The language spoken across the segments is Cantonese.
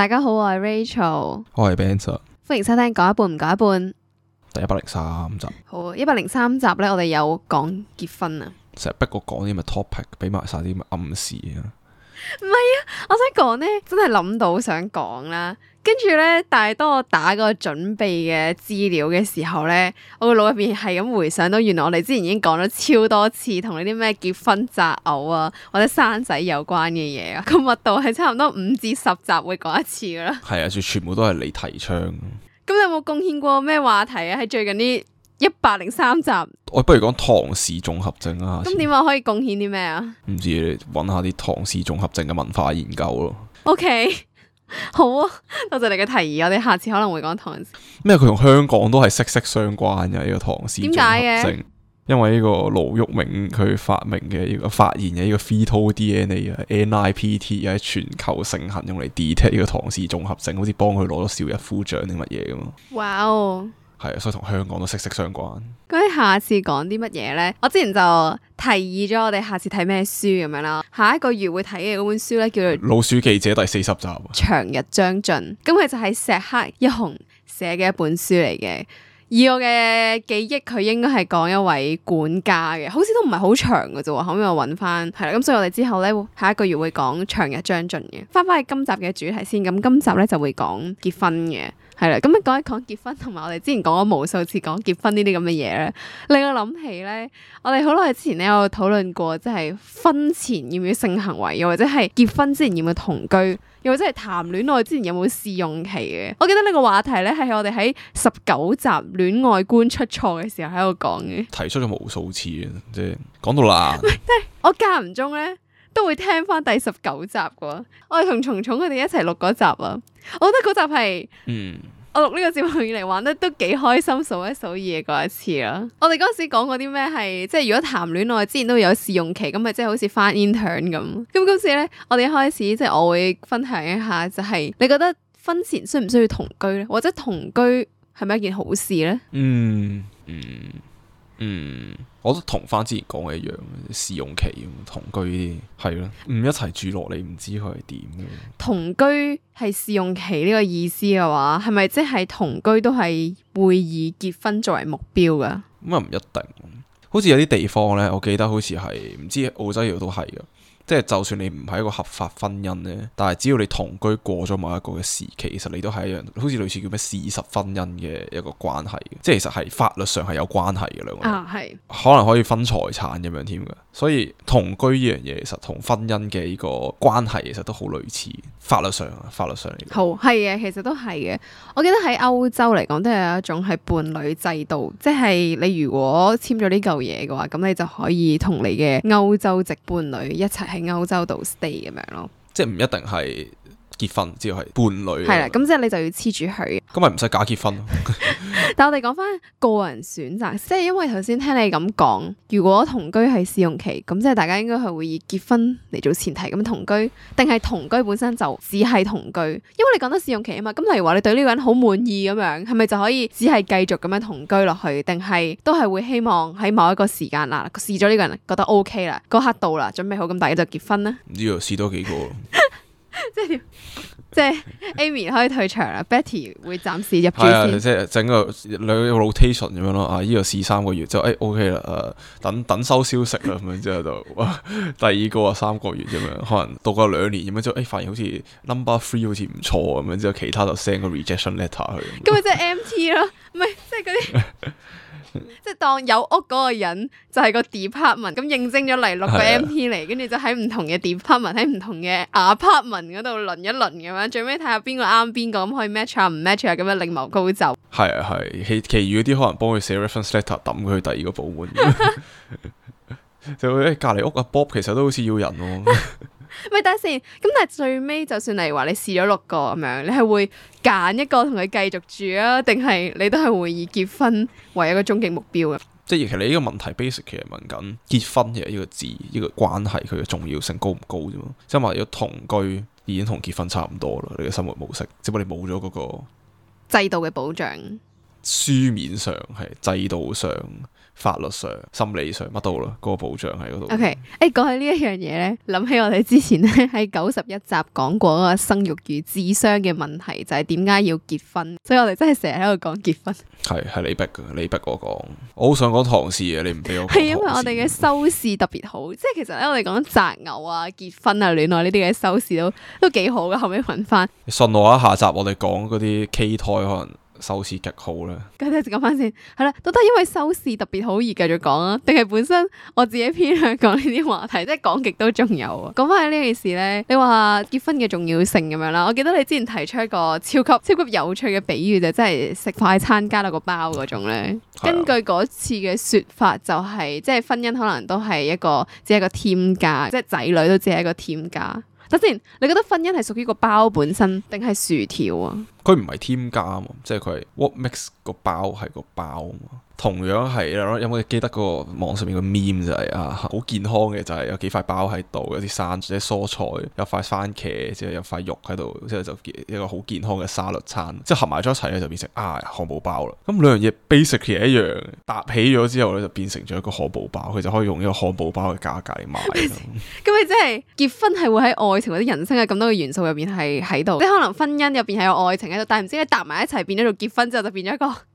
大家好，我係 Rachel，我係 Ben Sir，歡迎收聽講一半唔講一半，第一百零三集。好，一百零三集咧，我哋有講結婚啊，成日逼我講啲咁嘅 topic，俾埋晒啲咁嘅暗示啊。唔係啊，我想講咧，真係諗到想講啦，跟住咧，但係當我打個準備嘅資料嘅時候咧，我個腦入邊係咁回想到，原來我哋之前已經講咗超多次同你啲咩結婚擇偶啊或者生仔有關嘅嘢啊，個密度係差唔多五至十集會講一次噶啦。係啊，就全部都係你提倡。咁你有冇貢獻過咩話題啊？喺最近啲。一百零三集，我不如講唐氏綜合症啊！咁點解可以貢獻啲咩啊？唔知，揾下啲唐氏綜合症嘅文化研究咯。O、okay. K，好啊，多謝,謝你嘅提議，我哋下次可能會講唐。氏。咩？佢同香港都係息息相關嘅呢、這個唐氏。點解嘅？因為呢個盧煜明佢發明嘅呢個發現嘅呢個 fetal DNA N I P T 又係全球盛行，用嚟 detect 呢個唐氏綜合症，好似幫佢攞咗邵逸夫獎定乜嘢咁啊！哇、wow. 係啊，所以同香港都息息相關。咁你下次講啲乜嘢咧？我之前就提議咗我哋下次睇咩書咁樣啦。下一個月會睇嘅嗰本書咧，叫做《老鼠記者》第四十集《長日將盡》。咁佢就係石黑一雄寫嘅一本書嚟嘅。以我嘅記憶，佢應該係講一位管家嘅，好似都唔係好長嘅啫。後面我揾翻係啦。咁所以我哋之後咧，下一個月會講《長日將盡》嘅。翻翻去今集嘅主題先。咁今集咧就會講結婚嘅。係啦，咁講一講結婚，同埋我哋之前講咗無數次講結婚呢啲咁嘅嘢咧，令我諗起咧，我哋好耐之前咧有討論過，即係婚前要唔要性行為，又或者係結婚之前要唔要同居，又或者係談戀愛之前有冇試用期嘅？我記得呢個話題咧係我哋喺十九集戀愛觀出錯嘅時候喺度講嘅，提出咗無數次嘅，即係講到啦。即係 我間唔中咧。都會聽翻第十九集嘅，我哋同蟲蟲佢哋一齊錄嗰集啊，我覺得嗰集係，嗯、我錄呢個節目以嚟玩得都幾開心數一數二嘅嗰一次啦。我哋嗰時講過啲咩係，即係如果談戀愛之前都有試用期，咁咪即係好似翻 intern 咁。咁今次咧，我哋開始即係我會分享一下、就係，就係你覺得婚前需唔需要同居咧，或者同居係咪一件好事咧、嗯？嗯嗯。嗯，我都同翻之前講嘅一樣，試用期同居啲係咯，唔一齊住落你唔知佢係點嘅。同居係試用期呢個意思嘅話，係咪即係同居都係會以結婚作為目標噶？咁又唔一定，好似有啲地方咧，我記得好似係唔知澳洲亦都係噶。即係就算你唔係一個合法婚姻呢，但係只要你同居過咗某一個嘅時期，其實你都係一樣，好似類似叫咩事實婚姻嘅一個關係，即係其實係法律上係有關係嘅兩個，啊、可能可以分財產咁樣添噶，所以同居呢樣嘢其實同婚姻嘅呢個關係其實都好類似，法律上法律上嚟講。好係嘅，其實都係嘅。我記得喺歐洲嚟講都係有一種係伴侶制度，即係你如果簽咗呢嚿嘢嘅話，咁你就可以同你嘅歐洲籍伴侶一齊歐洲度 stay 咁樣咯，即係唔一定係結婚，只要係伴侶。係啦，咁即係你就要黐住佢。咁咪唔使假結婚咯。 但我哋講翻個人選擇，即係因為頭先聽你咁講，如果同居係試用期，咁即係大家應該係會以結婚嚟做前提咁同居，定係同居本身就只係同居？因為你講得試用期啊嘛，咁例如話你對呢個人好滿意咁樣，係咪就可以只係繼續咁樣同居落去？定係都係會希望喺某一個時間啦，試咗呢個人覺得 OK 啦，嗰刻到啦，準備好咁大家就結婚咧？唔知又試多幾個， 即係。 即係 Amy 可以退場啦，Betty 會暫時入住先、 嗯。即係整個兩個 rotation 咁樣咯。啊，依個試三個月，就誒 OK 啦。誒、嗯，等等收消息啦咁樣之後就哇、啊，第二個啊三個月咁樣，可能到夠兩年咁樣，就誒發現好似 number three 好似唔錯咁樣，之後其他就 send 個 rejection letter 去。咁咪、 嗯、即係 MT 咯，唔係即係嗰啲。 即係當有屋嗰個人就係個 department 咁，應徵咗嚟六個 MT 嚟，跟住的就喺唔同嘅 department 喺唔同嘅 apartment 部門嗰度輪一輪咁樣，最尾睇下邊個啱邊個咁可以 match 啊唔 match 啊咁樣另謀高就。係啊係，其其餘啲可能幫佢寫 reference letter 抌佢去第二個部門， 就會隔籬屋阿 Bob 其實都好似要人咯、哦。 咪等下先，咁但係最尾就算例如話你試咗六個咁樣，你係會揀一個同佢繼續住啊，定係你都係會以結婚為一個終極目標啊？即係其實你呢個問題 basic 其實問緊結婚嘅呢個字，呢個關係佢嘅重要性高唔高啫嘛？即係話要同居已經同結婚差唔多啦，你嘅生活模式只不過你冇咗嗰個制度嘅保障，書面上係制度上。法律上、心理上乜都好，嗰個保障喺嗰度。O K，誒，講起呢一樣嘢咧，諗起我哋之前咧喺九十一集講過嗰個生育與智商嘅問題，就係點解要結婚，所以我哋真係成日喺度講結婚。係係你逼噶，你逼我講，我好想講唐詩啊！你唔俾我講。係 因為我哋嘅收視特別好，即係其實咧，我哋講擇偶啊、結婚啊、戀愛呢啲嘅收視都都幾好噶。後尾問翻，信我啊，下集我哋講嗰啲 K 胎可能。收視極好啦，咁都係講翻先，係啦，到底因為收視特別好而繼續講啊？定係本身我自己偏向講呢啲話題，即係講極都仲有。啊。講翻起呢件事咧，你話結婚嘅重要性咁樣啦，我記得你之前提出一個超級超級有趣嘅比喻，就即係食快餐加落個包嗰種咧。係嘅。根據嗰次嘅說法，就係，就係即係婚姻可能都係一個只係一個添加，即係仔女都只係一個添加。首先，你覺得婚姻係屬於個包本身定係薯條啊？佢唔係添加啊嘛？即係佢係 what makes 個包係個包啊嘛。同樣係咯，有冇記得嗰個網上面個 meme 就係、是、啊，好健康嘅就係、是、有幾塊包喺度，有啲生，啲蔬菜，有塊番茄，之後有塊肉喺度，之後就一個好健康嘅沙律餐，即係合埋咗一齊咧就變成啊漢堡包啦。咁兩樣嘢 basically 一樣，搭起咗之後咧就變成咗一個漢堡包，佢就可以用一個漢堡包嘅價格買。咁咪即係結婚係會喺愛情或者人生嘅咁多嘅元素入面係喺度，即係 可能婚姻入邊係有愛情喺度，但係唔知你搭埋一齊變咗做結婚之後就變咗一個。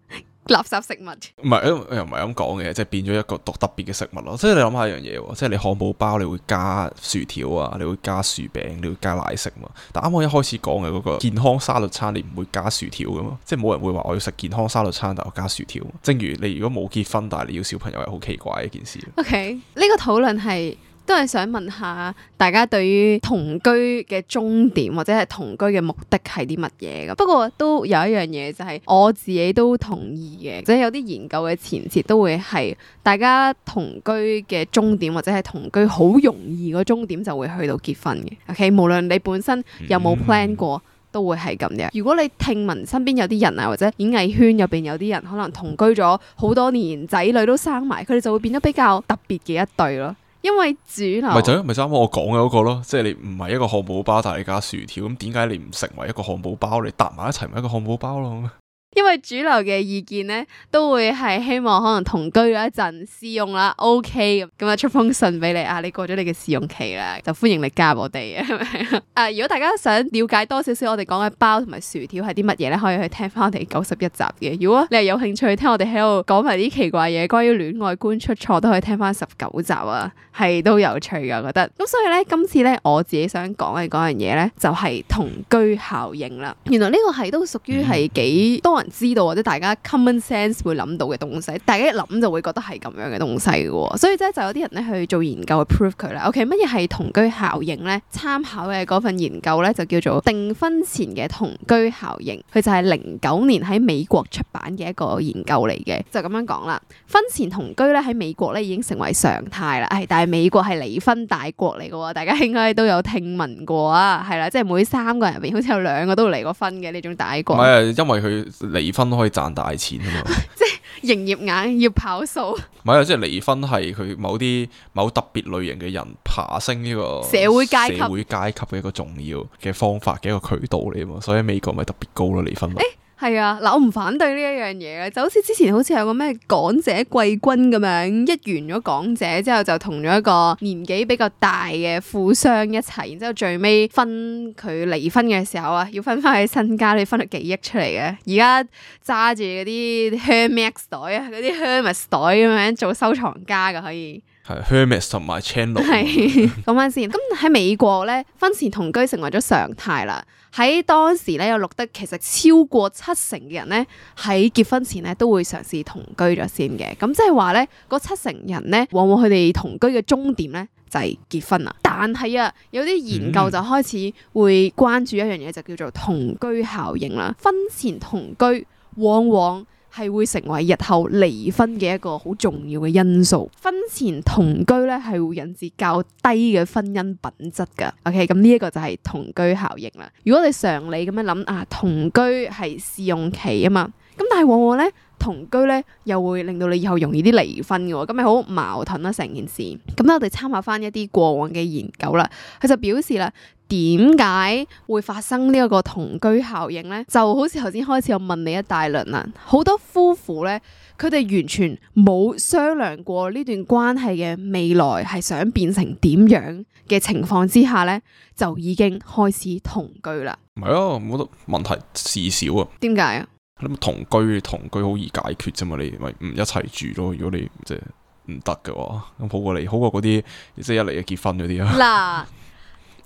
垃圾食物，唔係，又唔係咁講嘅，即係變咗一個獨特別嘅食物咯。即係你諗下一樣嘢喎，即係你漢堡包，你會加薯條啊，你會加薯餅，你會加奶食嘛。但啱啱一開始講嘅嗰個健康沙律餐，你唔會加薯條嘅嘛，即係冇人會話我要食健康沙律餐，但我加薯條。正如你如果冇結婚，但係你要小朋友係好奇怪嘅一件事。OK. 呢個討論係。都係想問下大家對於同居嘅終點或者係同居嘅目的係啲乜嘢咁？不過都有一樣嘢就係、是、我自己都同意嘅，即、就、係、是、有啲研究嘅前設都會係大家同居嘅終點或者係同居好容易個終點就會去到結婚嘅。O、okay? K，無論你本身有冇 plan 過，嗯、都會係咁樣。如果你聽聞身邊有啲人啊，或者演藝圈入邊有啲人可能同居咗好多年，仔女都生埋，佢哋就會變得比較特別嘅一對咯。因為主流咪就係咪啱啱我講嘅嗰個咯，即係你唔係一個漢堡包，但係你加薯條，咁點解你唔成為一個漢堡包，你搭埋一齊咪一個漢堡包咯？因為主流嘅意見咧，都會係希望可能同居咗一陣試用啦，OK 咁咁啊出封信俾你啊，你過咗你嘅試用期啦，就歡迎你加我哋啊，係 咪啊？如果大家想了解多少少我哋講嘅包同埋薯條係啲乜嘢咧，可以去聽翻我哋九十一集嘅。如果你係有興趣聽我哋喺度講埋啲奇怪嘢，關於戀愛觀出錯都可以聽翻十九集啊，係都有趣噶，我覺得。咁所以咧，今次咧我自己想講嘅嗰樣嘢咧，就係同居效應啦。原來呢個係都屬於係幾多人，知道或者大家 common sense 會諗到嘅東西，大家一諗就會覺得係咁樣嘅東西嘅喎，所以即係就有啲人咧去做研究去 prove 佢咧。O K，乜嘢係同居效應咧？參考嘅嗰份研究咧就叫做訂婚前嘅同居效應，佢就係零九年喺美國出版嘅一個研究嚟嘅，就咁樣講啦。婚前同居咧喺美國咧已經成為常態啦，係，但係美國係離婚大國嚟嘅喎，大家應該都有聽聞過啊，係啦，即係每三個人入面好似有兩個都離過婚嘅呢種大國。係啊，因為佢。離婚可以賺大錢啊嘛！即係營業額要跑數，唔係啊！即係離 婚係佢某啲某特別類型嘅人爬升呢個社會階級，社會階級嘅一個重要嘅方法嘅一個渠道嚟啊嘛！所以美國咪特別高咯離婚率。欸係啊，嗱，我唔反對呢一樣嘢嘅，就好似之前好似有個咩港姐季軍咁樣，一完咗港姐之後就同咗一個年紀比較大嘅富商一齊，然之後最尾分佢離婚嘅時候啊，要分翻佢身家，你分咗幾億出嚟嘅，而家揸住嗰啲 Hermes 袋啊，嗰啲 Hermes 袋咁樣做收藏家㗎，可以。係，Hermes 同埋 Chanel。係，講翻先，咁喺 美國咧，婚前同居成為咗常態啦。喺當時咧，有錄得其實超過七成嘅人咧，喺結婚前咧都會嘗試同居咗先嘅。咁即係話咧，嗰七成人咧，往往佢哋同居嘅終點咧就係、是、結婚啦。但係啊，有啲研究就開始會關注一樣嘢，嗯、就叫做同居效應啦。婚前同居往往。係會成為日後離婚嘅一個好重要嘅因素。婚前同居咧，係會引致較低嘅婚姻品質噶。OK，咁呢一個就係同居效應啦。如果你常理咁樣諗啊，同居係試用期啊嘛，咁但係往往咧。同居咧，又會令到你以後容易啲離婚嘅，咁咪好矛盾啊！成件事咁咧，我哋參考翻一啲過往嘅研究啦，佢就表示啦，點解會發生呢一個同居效應咧？就好似頭先開始我問你一大輪啦，好多夫婦咧，佢哋完全冇商量過呢段關係嘅未來係想變成點樣嘅情況之下咧，就已經開始同居啦。唔係啊，我覺得問題事小啊。點解啊？你同居，同居好易解決啫嘛？你咪唔一齊住咯。如果你即係唔得嘅話，咁好過你，好過嗰啲即係一嚟就結婚嗰啲啊。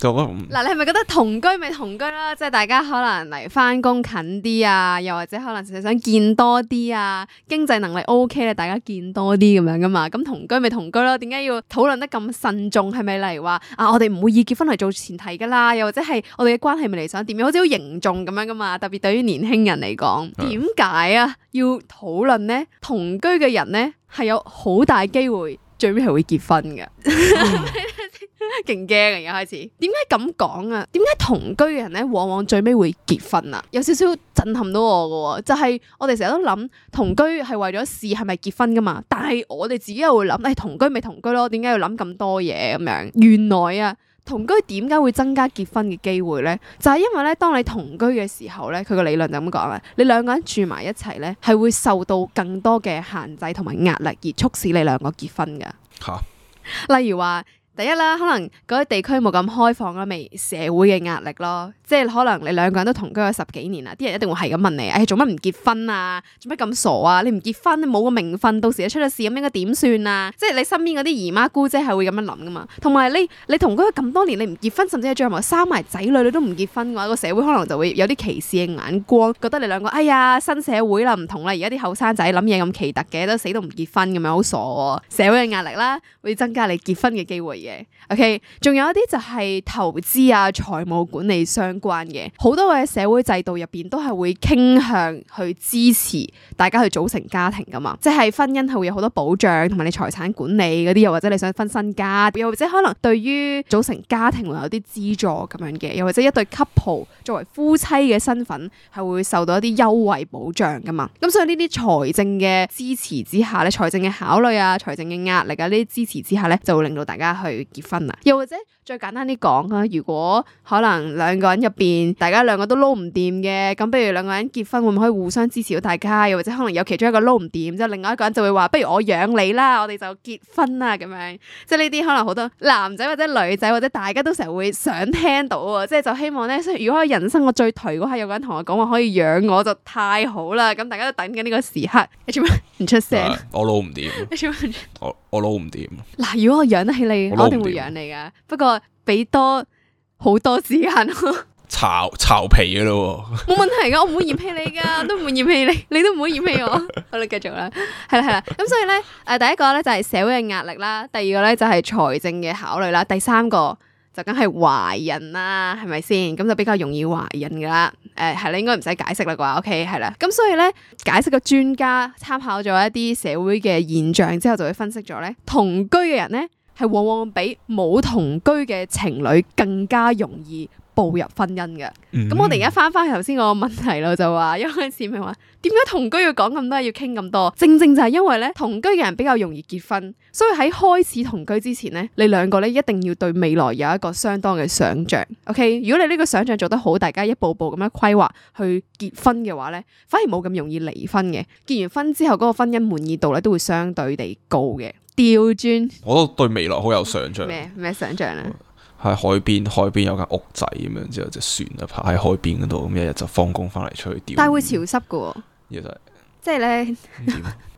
嗱，嗯，你係咪覺得同居咪同居咯？即係大家可能嚟翻工近啲啊，又或者可能實際想見多啲啊，經濟能力 OK 咧，大家見多啲咁樣噶嘛？咁同居咪同居咯？點解要討論得咁慎重？係咪例如話啊，我哋唔會以結婚嚟做前提噶啦？又或者係我哋嘅關係咪嚟想點樣？好似好凝重咁樣噶嘛？特別對於年輕人嚟講，點解啊要討論咧？同居嘅人咧係有好大機會最尾係會結婚噶。嗯 勁驚啊！而家開始，點解咁講啊？點解同居嘅人咧，往往最尾會結婚啊？有少少震撼到我嘅、啊，就係我哋成日都諗同居係為咗試係咪結婚噶嘛？但係我哋自己又會諗，誒，同居咪同居咯？點解要諗咁多嘢咁樣？原來啊，同居點解會增加結婚嘅機會咧？就係因為咧，當你同居嘅時候咧，佢個理論就咁講啊，你兩個人住埋一齊咧，係會受到更多嘅限制同埋壓力，而促使你兩個結婚噶吓。哈例如話。第一啦，可能嗰啲地區冇咁開放啦，未社會嘅壓力咯，即係可能你兩個人都同居咗十幾年啦，啲人一定會係咁問你：誒做乜唔結婚啊？做乜咁傻啊？你唔結婚冇個名分，到時你出咗事咁應該點算啊？即係你身邊嗰啲姨媽姑姐係會咁樣諗㗎嘛？同埋你你同居咗咁多年，你唔結婚，甚至係最後咪生埋仔女，你都唔結婚嘅話，個社會可能就會有啲歧視嘅眼光，覺得你兩個哎呀新社會啦，唔同啦，而家啲後生仔諗嘢咁奇特嘅，都死都唔結婚咁樣好傻喎、啊！社會嘅壓力啦，會增加你結婚嘅機會嘅。O.K.，仲有一啲就係投資啊、財務管理相關嘅，好多嘅社會制度入邊都係會傾向去支持大家去組成家庭噶嘛，即係婚姻係會有好多保障，同埋你財產管理嗰啲，又或者你想分身家，又或者可能對於組成家庭會有啲資助咁樣嘅，又或者一對 couple 作為夫妻嘅身份係會受到一啲優惠保障噶嘛，咁、嗯、所以呢啲財政嘅支持之下咧，財政嘅考慮啊、財政嘅壓力啊，呢啲支持之下咧，就會令到大家去。結婚啊，又或者再簡單啲講啊，如果可能兩個人入邊，大家兩個都撈唔掂嘅，咁不如兩個人結婚，會唔可以互相支持大家？又或者可能有其中一個撈唔掂，之後另外一個人就會話，不如我養你啦，我哋就結婚啦，咁樣，即係呢啲可能好多男仔或者女仔或者大家都成日會想聽到啊，即係就希望咧，如果人生個最頹嗰刻，有個人同我講話可以養我就太好啦，咁大家都等緊呢個時刻，係咪唔出聲聲？我撈唔掂， 我撈唔掂嗱，如果我養得起你，我，我一定會養你噶。不，不過俾多好多時間咯 ，巢巢皮嘅咯，冇問題噶，我唔會嫌棄你噶， 都唔會嫌棄你，你都唔會嫌棄我。 好啦，繼續啦，係啦，係啦。咁所以咧，誒、呃，第一個咧就係社會嘅壓力啦，第二個咧就係財政嘅考慮啦，第三個。就梗係懷孕啦，係咪先？咁就比較容易懷孕噶啦。誒，係啦，應該唔使解釋啦啩？OK，係啦。咁、okay，所以咧，解釋個專家參考咗一啲社會嘅現象之後，就會分析咗咧，同居嘅人咧係往往比冇同居嘅情侶更加容易步入婚姻嘅，咁我哋而家翻翻頭先嗰個問題咯，就話一開始咪話點解同居要講咁多，要傾咁多，正正就係因為咧同居嘅人比較容易結婚，所以喺開始同居之前咧，你兩個咧一定要對未來有一個相當嘅想象。OK，如果你呢個想象做得好，大家一步步咁樣規劃去結婚嘅話咧，反而冇咁容易離婚嘅。結完婚之後嗰個婚姻滿意度咧都會相對地高嘅。調轉，我都對未來好有想象。咩咩想象啊喺海邊，海邊有間屋仔咁樣，之後隻船啊泊喺海邊嗰度，咁一日就放工翻嚟出去釣。但係會潮濕噶、哦，其實即係咧，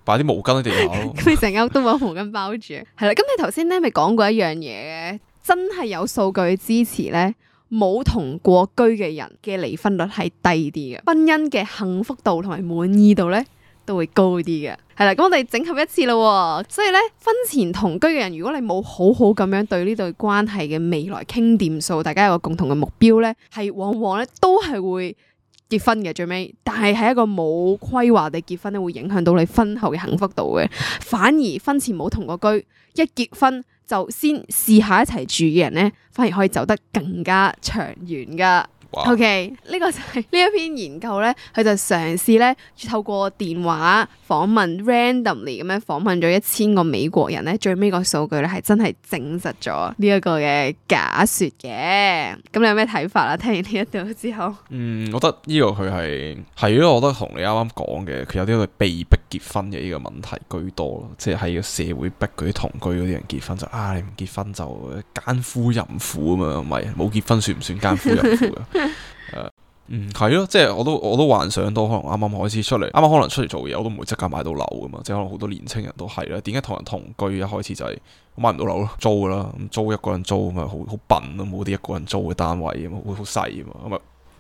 擺啲毛巾喺地下咁你成間屋都冇毛巾包住，係 啦。 咁你頭先咧咪講過一樣嘢嘅，真係有數據支持咧，冇同過居嘅人嘅離婚率係低啲嘅，婚姻嘅幸福度同埋滿意度咧。都會高啲嘅，係啦，咁我哋整合一次咯喎。所以咧，婚前同居嘅人，如果你冇好好咁樣對呢對關係嘅未來傾掂數，大家有個共同嘅目標咧，係往往咧都係會結婚嘅，最尾。但係喺一個冇規劃地結婚咧，會影響到你婚後嘅幸福度嘅。反而婚前冇同過居，一結婚就先試下一齊住嘅人咧，反而可以走得更加長遠噶。哇 O.K. 呢個就係、是、呢一篇研究咧，佢就嘗試咧透過電話訪問 randomly 咁樣訪問咗一千個美國人咧，最尾個數據咧係真係證實咗呢一個嘅假説嘅。咁你有咩睇法啦？聽完呢一度之後，嗯，我覺得呢個佢係係咯，我覺得同你啱啱講嘅，佢有啲係被逼結婚嘅呢個問題居多咯，即係喺個社會逼佢啲同居嗰啲人結婚就啊，你唔結婚就奸夫淫婦啊嘛，唔係，冇結婚算唔算奸夫淫婦？ 誒，uh，嗯，係咯，即係我都我都幻想到，可能啱啱開始出嚟，啱啱可能出嚟做嘢，我都唔會即刻買到樓噶嘛，即係可能好多年青人都係啦。點解同人同居一開始就係、是、買唔到樓咯，租噶啦，咁租一個人租咪好好笨咯，冇啲一個人租嘅單位啊會好細啊嘛，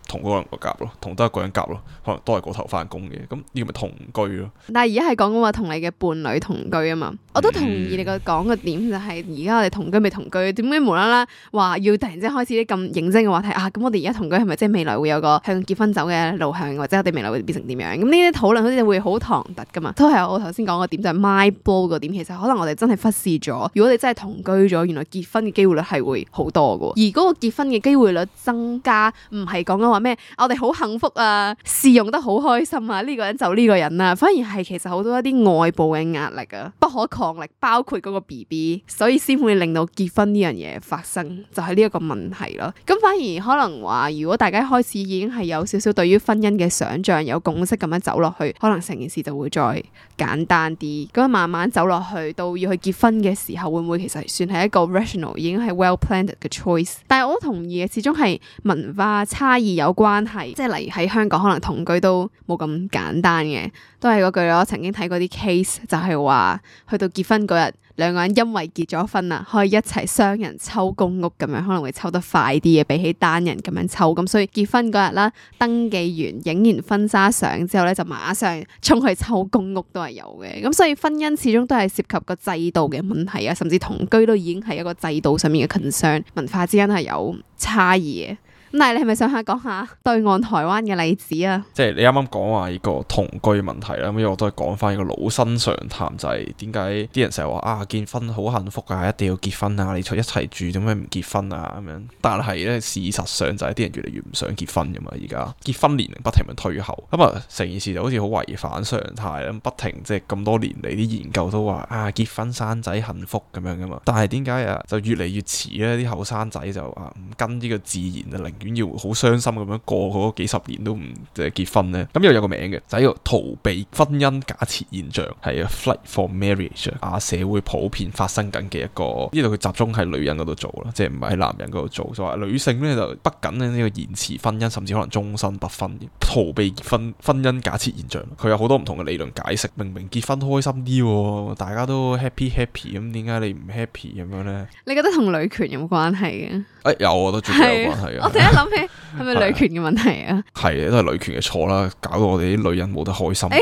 同嗰個人夾咯，同得一個人夾咯，可能都係嗰頭翻工嘅，咁呢個咪同居咯。但係而家係講緊話同你嘅伴侶同居啊嘛，嗯、我都同意你個講嘅點就係，而家我哋同居咪同居，點解無啦啦話要突然之間開始啲咁認真嘅話題啊？咁我哋而家同居係咪即係未來會有個向結婚走嘅路向，或者我哋未來會變成點樣？咁呢啲討論好似會好唐突噶嘛，都係我頭先講個點就係 mind blow 嗰點，其實可能我哋真係忽視咗，如果你真係同居咗，原來結婚嘅機會率係會好多嘅，而嗰個結婚嘅機會率增加唔係講話咩、啊？我哋好幸福啊，試用得好開心啊！呢、呢個人就呢個人啊，反而係其實好多一啲外部嘅壓力啊，不可抗力，包括嗰個 BB，所以先會令到結婚呢樣嘢發生，就係呢一個問題咯。咁、嗯、反而可能話，如果大家開始已經係有少少對於婚姻嘅想象，有共識咁樣走落去，可能成件事就會再簡單啲。咁慢慢走落去，到要去結婚嘅時候，會唔會其實算係一個 rational，已經係 well planned 嘅 choice？但係我同意嘅，始終係文化差異。有關係，即係例如喺香港，可能同居都冇咁簡單嘅，都係嗰句咯。曾經睇過啲 case，就係話去到結婚嗰日，兩個人因為結咗婚啦，可以一齊雙人抽公屋咁樣，可能會抽得快啲嘅，比起單人咁樣抽。咁所以結婚嗰日啦，登記完、影完婚紗相之後咧，就馬上沖去抽公屋都係有嘅。咁所以婚姻始終都係涉及個制度嘅問題啊，甚至同居都已經係一個制度上面嘅 concern，文化之間係有差異嘅。唔係，但你係咪想下講下對岸台灣嘅例子啊？即係你啱啱講話呢個同居問題啦，咁我都係講翻呢個老生常談，就係點解啲人成日話啊結婚好幸福啊，一定要結婚啊，你一齊住點解唔結婚啊咁樣？但係咧，事實上就係啲人越嚟越唔想結婚噶嘛，而家結婚年齡不停咁退後，咁啊成件事就好似好違反常態咁不停，即係咁多年嚟啲研究都話啊結婚生仔幸福咁樣噶嘛，但係點解啊就越嚟越遲咧？啲後生仔就啊唔跟呢個自然嘅零。點要好傷心咁樣過嗰幾十年都唔即係結婚呢。咁、嗯、又有一個名嘅，就係、是、呢、這個逃避婚姻假設現象，係啊，flight for marriage 啊，社會普遍發生緊嘅一個呢度佢集中喺女人嗰度做啦，即係唔係喺男人嗰度做，就話女性呢，就不僅咧呢個延遲婚姻，甚至可能終身不婚，逃避婚婚姻假設現象。佢有好多唔同嘅理論解釋，明明結婚開心啲，哦，大家都 happy happy，咁點解你唔 happy 咁樣呢？你覺得同女權有冇關係嘅？誒、欸，有我都絕對有關係諗起係咪女權嘅問題啊？係啊，都係女權嘅錯啦，搞到我哋啲女人冇得開心。欸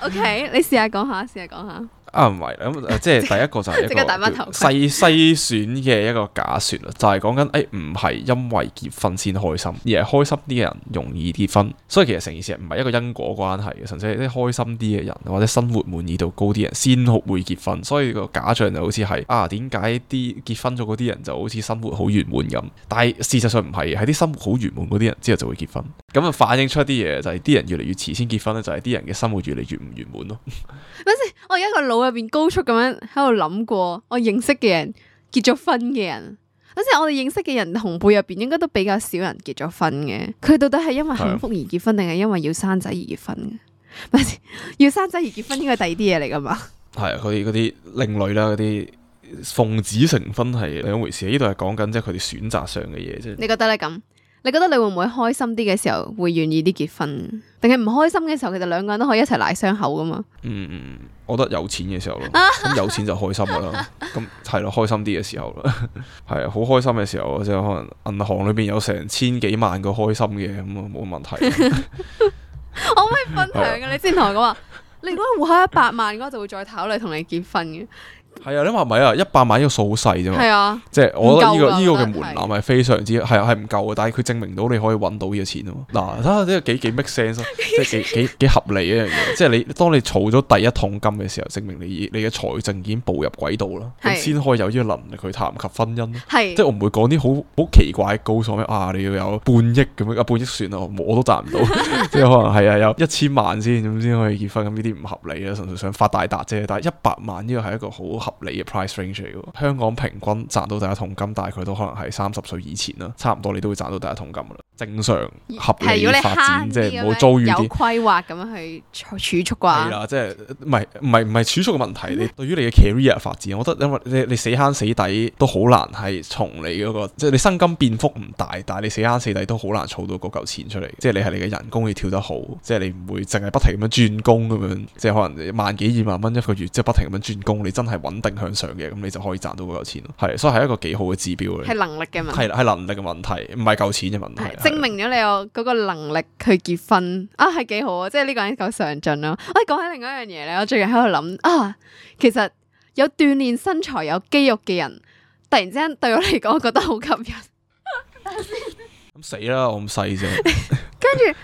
，OK， 你試下講下，試下講下。啊，唔係咁，即係第一個就係一個細篩選嘅一個假說啦，就係講緊誒，唔係因為結婚先開心，而係開心啲嘅人容易結婚，所以其實成件事唔係一個因果關係嘅，甚至係啲開心啲嘅人或者生活滿意度高啲人先會結婚，所以個假象，就好似係啊點解啲結婚咗嗰啲人就好似生活好圓滿咁？但係事實上唔係，喺啲生活好圓滿嗰啲人之後就會結婚，咁啊反映出一啲嘢就係、是、啲人越嚟越遲先結婚咧，就係、是、啲人嘅生活越嚟越唔圓滿咯。 我而家個腦入邊高速咁樣喺度諗過，我認識嘅人結咗婚嘅人，好似我哋認識嘅人，同輩入邊應該都比較少人結咗婚嘅。佢到底係因為幸福而結婚，定係的因為要生仔而結婚？唔係 要生仔而結婚，應該，應該係第二啲嘢嚟噶嘛？係佢哋嗰啲另類啦，嗰啲奉子成婚係兩回事。呢度係講緊即係佢哋選擇上嘅嘢啫。你覺得咧咁？你覺得你會唔會開心啲嘅時候會願意啲結婚，定係唔開心嘅時候，其實兩個人都可以一齊舐傷口噶嘛？嗯嗯我覺得有錢嘅時候咯，咁、啊、有錢就開心噶啦，咁係咯，開心啲嘅時候，係啊好開心嘅時候，即、就、係、是、可能銀行裏邊有成千幾萬個開心嘅，咁啊冇問題。我可以分享嘅， 你先同我講話， 你如果戶口一百萬我就會再考慮同你結婚嘅。係啊，你話唔係啊？一百萬呢個數好細啫嘛，啊，即係我覺得呢、呢個呢個嘅門檻係非常之係係唔夠嘅，但係佢證明到你可以揾到呢個錢嘛啊！嗱，睇下呢個幾幾 make sense 即係幾幾幾合理一樣嘢。即係你當你儲咗第一桶金嘅時候，證明你你嘅財政已經步入軌道啦。咁先是可以有呢個能力去談及婚姻、啊，是即係我唔會講啲好好奇怪嘅高數咩？啊，你要有半億咁樣，一、啊、半億算啊，我都賺唔到。 即係可能係啊，有一千萬先咁先可以結婚，咁呢啲唔合理啊！純粹想發大達啫，但係一百萬呢個係一個好。合理嘅 price range 嚟嘅喎，香港平均賺到第一桶金，大概都可能係三十歲以前啦，差唔多你都會賺到第一桶金嘅啦。正常合理發展，即係唔好遭遇啲。有規劃咁樣去儲蓄啩？係啦，即係唔係唔係唔係儲蓄嘅問題。麼你對於你嘅 career 發展，我覺得因為你你死慳死抵都好難係從你嗰、那個，即係你薪金變幅唔大，但係你死慳死抵都好難儲到嗰嚿錢出嚟。即係你係你嘅人工你跳得好，即係你唔會淨係不停咁樣轉工咁樣，即係可能萬幾二萬蚊一個月，即係不停咁樣轉工，你真係穩定向上嘅，咁你就可以賺到嗰嚿錢咯。係，所以係一個幾好嘅指標嚟。係能力嘅問題。係係能力嘅問題，唔係嚿錢嘅問題。的證明咗你有嗰個能力去結婚啊，係幾好啊！即係呢個人夠上進咯。喂，講起另外一樣嘢咧，我最近喺度諗啊，其實有鍛煉身材有肌肉嘅人，突然之間對我嚟講，我覺得好吸引。咁 死啦！我咁細啫。 跟住。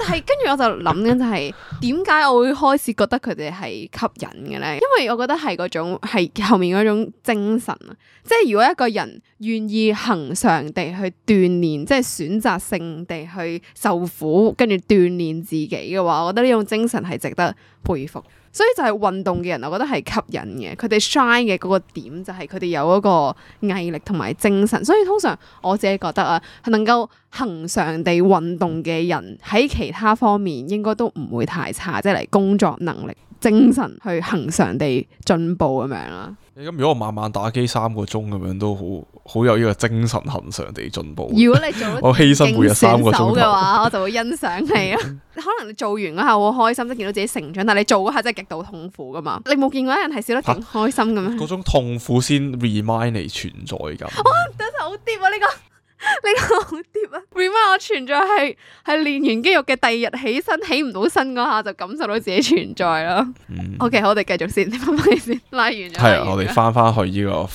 但係跟住我就諗緊就係點解我會開始覺得佢哋係吸引嘅咧？因為我覺得係嗰種係後面嗰種精神啊，即係如果一個人願意恆常地去鍛煉，即係選擇性地去受苦，跟住鍛煉自己嘅話，我覺得呢種精神係值得佩服。所以就係運動嘅人，我覺得係吸引嘅。佢哋 shine 嘅嗰個點就係佢哋有嗰個毅力同埋精神。所以通常我自己覺得啊，能夠恒常地運動嘅人喺其他方面應該都唔會太差，即係嚟，工作能力。精神去恆常地進步咁樣啦、啊。咁如果我晚晚打機三個鐘咁樣都好好有呢個精神恆常地進步。如果你做 我犧牲每日三個鐘嘅話，我就會欣賞你啊。 可能你做完嗰下會開心，即係見到自己成長，但係你做嗰下真係極度痛苦噶嘛。你冇見過一人係笑得勁開心咁樣？嗰、啊、種痛苦先 remind 你存在感。哇、啊，真係好掂啊呢，這個！ 你個好點啊？remind 我存在係係練完肌肉嘅第二日起,起身起唔到身嗰下就感受到自己存在啦。嗯、OK，好，我哋繼續先，你翻翻去先，拉完係，是完我哋翻翻去呢、這個。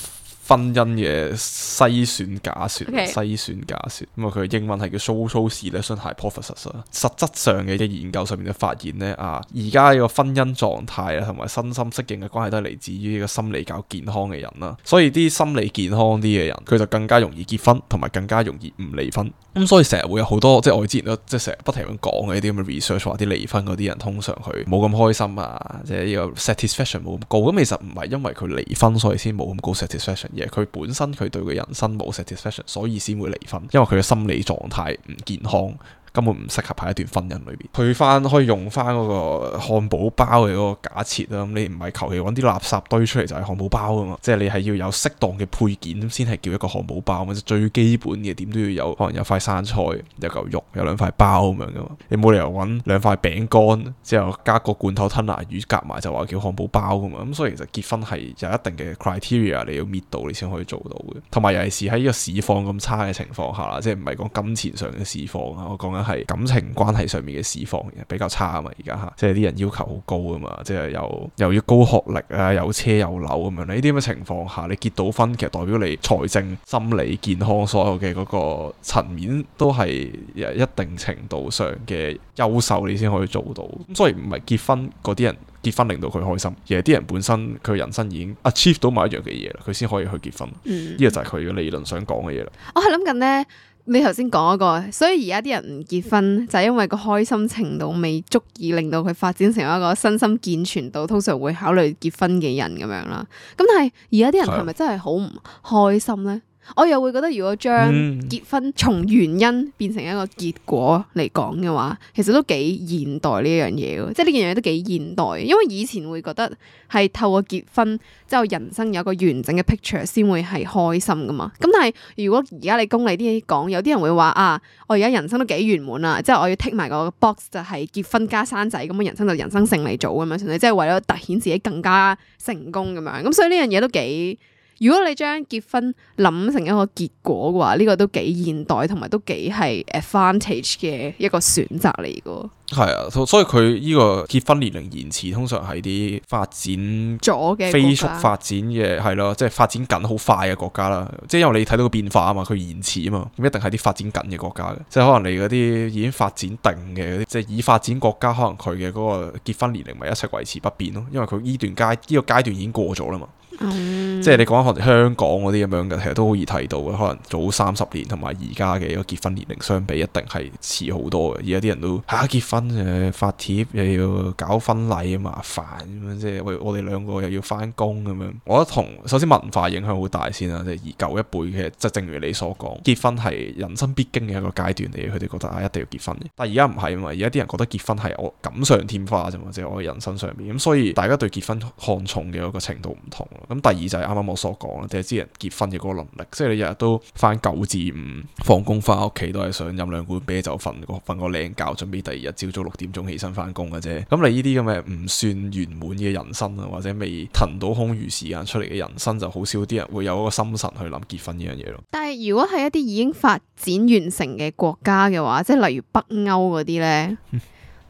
婚姻嘅篩選假說，篩選假說，咁啊佢嘅英文係叫 Sousa 氏咧，雙、so so si、hypothesis 啊。實質上嘅研究上面嘅發現咧，啊而家呢個婚姻狀態啊，同埋身心適應嘅關係都係嚟自於一個心理較健康嘅人啦、啊。所以啲心理健康啲嘅人，佢就更加容易結婚，同埋更加容易唔離婚。咁所以成日會有好多，即係我哋之前都即係成日不停咁講嘅一啲咁嘅 research 話啲離婚嗰啲人通常佢冇咁開心啊，即係呢個 satisfaction 冇咁高。咁其實唔係因為佢離婚所以先冇咁高 satisfaction。佢本身佢對佢人生冇 satisfaction，所以先會離婚，因為佢嘅心理狀態唔健康。根本唔適合喺一段婚姻裏邊，去翻可以用翻嗰個漢堡包嘅嗰個假設啦。咁你唔係求其揾啲垃圾堆出嚟就係漢堡包噶嘛？即係你係要有適當嘅配件先係叫一個漢堡包嘅，最基本嘅點都要有，可能有塊生菜、有嚿肉、有兩塊包咁樣噶嘛。你冇理由揾兩塊餅乾之後加個罐頭吞拿魚夾埋就話叫漢堡包噶嘛？咁、嗯、所以其實結婚係有一定嘅 criteria，你要搣到你先可以做到嘅。同埋尤其是喺呢個市況咁差嘅情況下啦，即係唔係講金錢上嘅市況啊，我講緊。係感情關係上面嘅釋放比較差啊嘛，而家吓，即係啲人要求好高啊嘛，即係又又要高學歷啊，有車有樓咁樣。呢啲咁嘅情況下，你結到婚，其實代表你財政、心理健康所有嘅嗰個層面都係一定程度上嘅優秀，你先可以做到。咁所以唔係結婚嗰啲人結婚令到佢開心，而係啲人本身佢人生已經 achieve 到某一樣嘅嘢啦，佢先可以去結婚。呢、嗯、個就係佢嘅理論想講嘅嘢啦。我係諗緊呢。你頭先講嗰個，所以而家啲人唔結婚就係因為個開心程度未足以令到佢發展成一個身心健全到通常會考慮結婚嘅人咁樣啦。咁但係而家啲人係咪真係好唔開心咧？我又會覺得，如果將結婚從原因變成一個結果嚟講嘅話，其實都幾現代呢樣嘢咯，即係呢樣嘢都幾現代。因為以前會覺得係透過結婚之後，人生有個完整嘅 picture 先會係開心噶嘛。咁但係如果而家你功利啲講，有啲人會話啊，我而家人生都幾圓滿啦，即係我要剔埋個 box 就係結婚加生仔，咁樣人生就人生勝利組咁樣，純粹即係為咗凸顯自己更加成功咁樣。咁所以呢樣嘢都幾。如果你將結婚諗成一個結果嘅話，呢個都幾現代，同埋都幾係 advantage 嘅一個選擇嚟嘅。係啊，所以佢呢個結婚年齡延遲，通常係啲發展咗嘅、飛速發展嘅，係咯，即係發展緊好快嘅國家啦。即係因為你睇到個變化啊嘛，佢延遲啊嘛，咁一定係啲發展緊嘅國家嘅。即係可能你嗰啲已經發展定嘅，即係已發展國家，可能佢嘅嗰個結婚年齡咪一齊維持不變咯。因為佢呢段階呢個階段已經過咗啦嘛。即係你講香港嗰啲咁樣嘅，其實都好易睇到嘅。可能早三十年同埋而家嘅一個結婚年齡相比，一定係遲好多嘅。而家啲人都吓、啊、結婚誒、呃、發帖又要搞婚禮啊，麻煩咁樣，即係喂，我哋兩個又要翻工咁樣。我覺得同首先文化影響好大先啦，即係而舊一輩嘅，即正如你所講，結婚係人生必經嘅一個階段嚟，佢哋覺得啊一定要結婚嘅。但係而家唔係啊嘛，而家啲人覺得結婚係我錦上添花啫嘛，即、呃、係我人生上面咁、呃，所以大家對結婚看重嘅一個程度唔同咯。咁第二就係啱啱我所講啦，就係啲人結婚嘅嗰個能力，即係你日日都翻九至五放工翻屋企都係想飲兩罐啤酒瞓個瞓個靚覺，準備第二日朝早六點鐘起身翻工嘅啫。咁你呢啲咁嘅唔算圓滿嘅人生啊，或者未騰到空餘時間出嚟嘅人生，就好少啲人會有一個心神去諗結婚呢樣嘢咯。但係如果係一啲已經發展完成嘅國家嘅話，即係例如北歐嗰啲呢，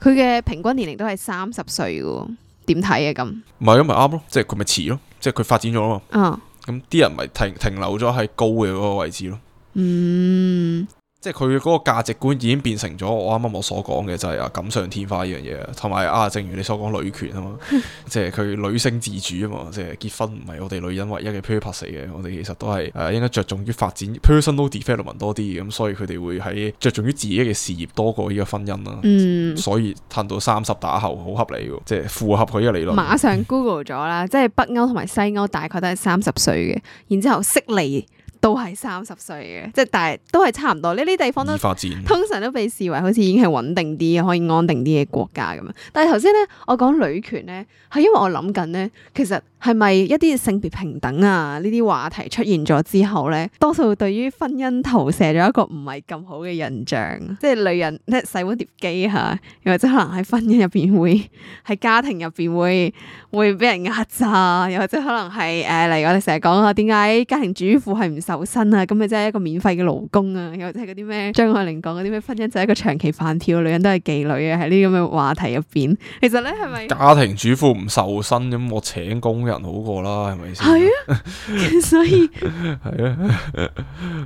佢嘅平均年齡都係三十歲嘅喎，點睇啊？咁，唔係，咁咪咯，咪啱咯，即係佢咪遲咯。即係佢發展咗嘛，咁啲、哦、人咪停停留咗喺高嘅嗰個位置咯。嗯。即係佢嗰個價值觀已經變成咗我啱啱我所講嘅就係啊錦上添花呢樣嘢，同埋啊正如你所講女權啊嘛，即係佢女性自主啊嘛，即係結婚唔係我哋女人唯一嘅 purpose 嚟嘅。我哋其實都係誒、啊、應該着重於發展 personal development 多啲，咁、嗯、所以佢哋會喺着重於自己嘅事業多過呢個婚姻、嗯、啦。所以撐到三十打後好合理，即係符合佢嘅理論。馬上 Google 咗啦，即係北歐同埋西歐大概都係三十歲嘅，然之後悉尼，都係三十歲嘅，即係但係都係差唔多，呢啲地方都通常都被視為好似已經係穩定啲可以安定啲嘅國家咁樣。但係頭先咧，我講女權咧，係因為我諗緊咧，其實係咪一啲性別平等啊呢啲話題出現咗之後咧，多數對於婚姻投射咗一個唔係咁好嘅印象，即係女人即係洗碗碟機嚇，又或者可能喺婚姻入邊會喺家庭入邊會會俾人壓榨，又或者可能係誒例如我哋成日講啊，點解家庭主婦係唔受？受薪啊，咁咪即係一個免費嘅勞工啊！又即係嗰啲咩張愛玲講嗰啲咩婚姻就係一個長期飯票，女人都係妓女啊！喺呢啲咁嘅話題入邊，其實咧係咪家庭主婦唔受薪，咁，我請工人好過啦，係咪先？係啊，所以係 是啊，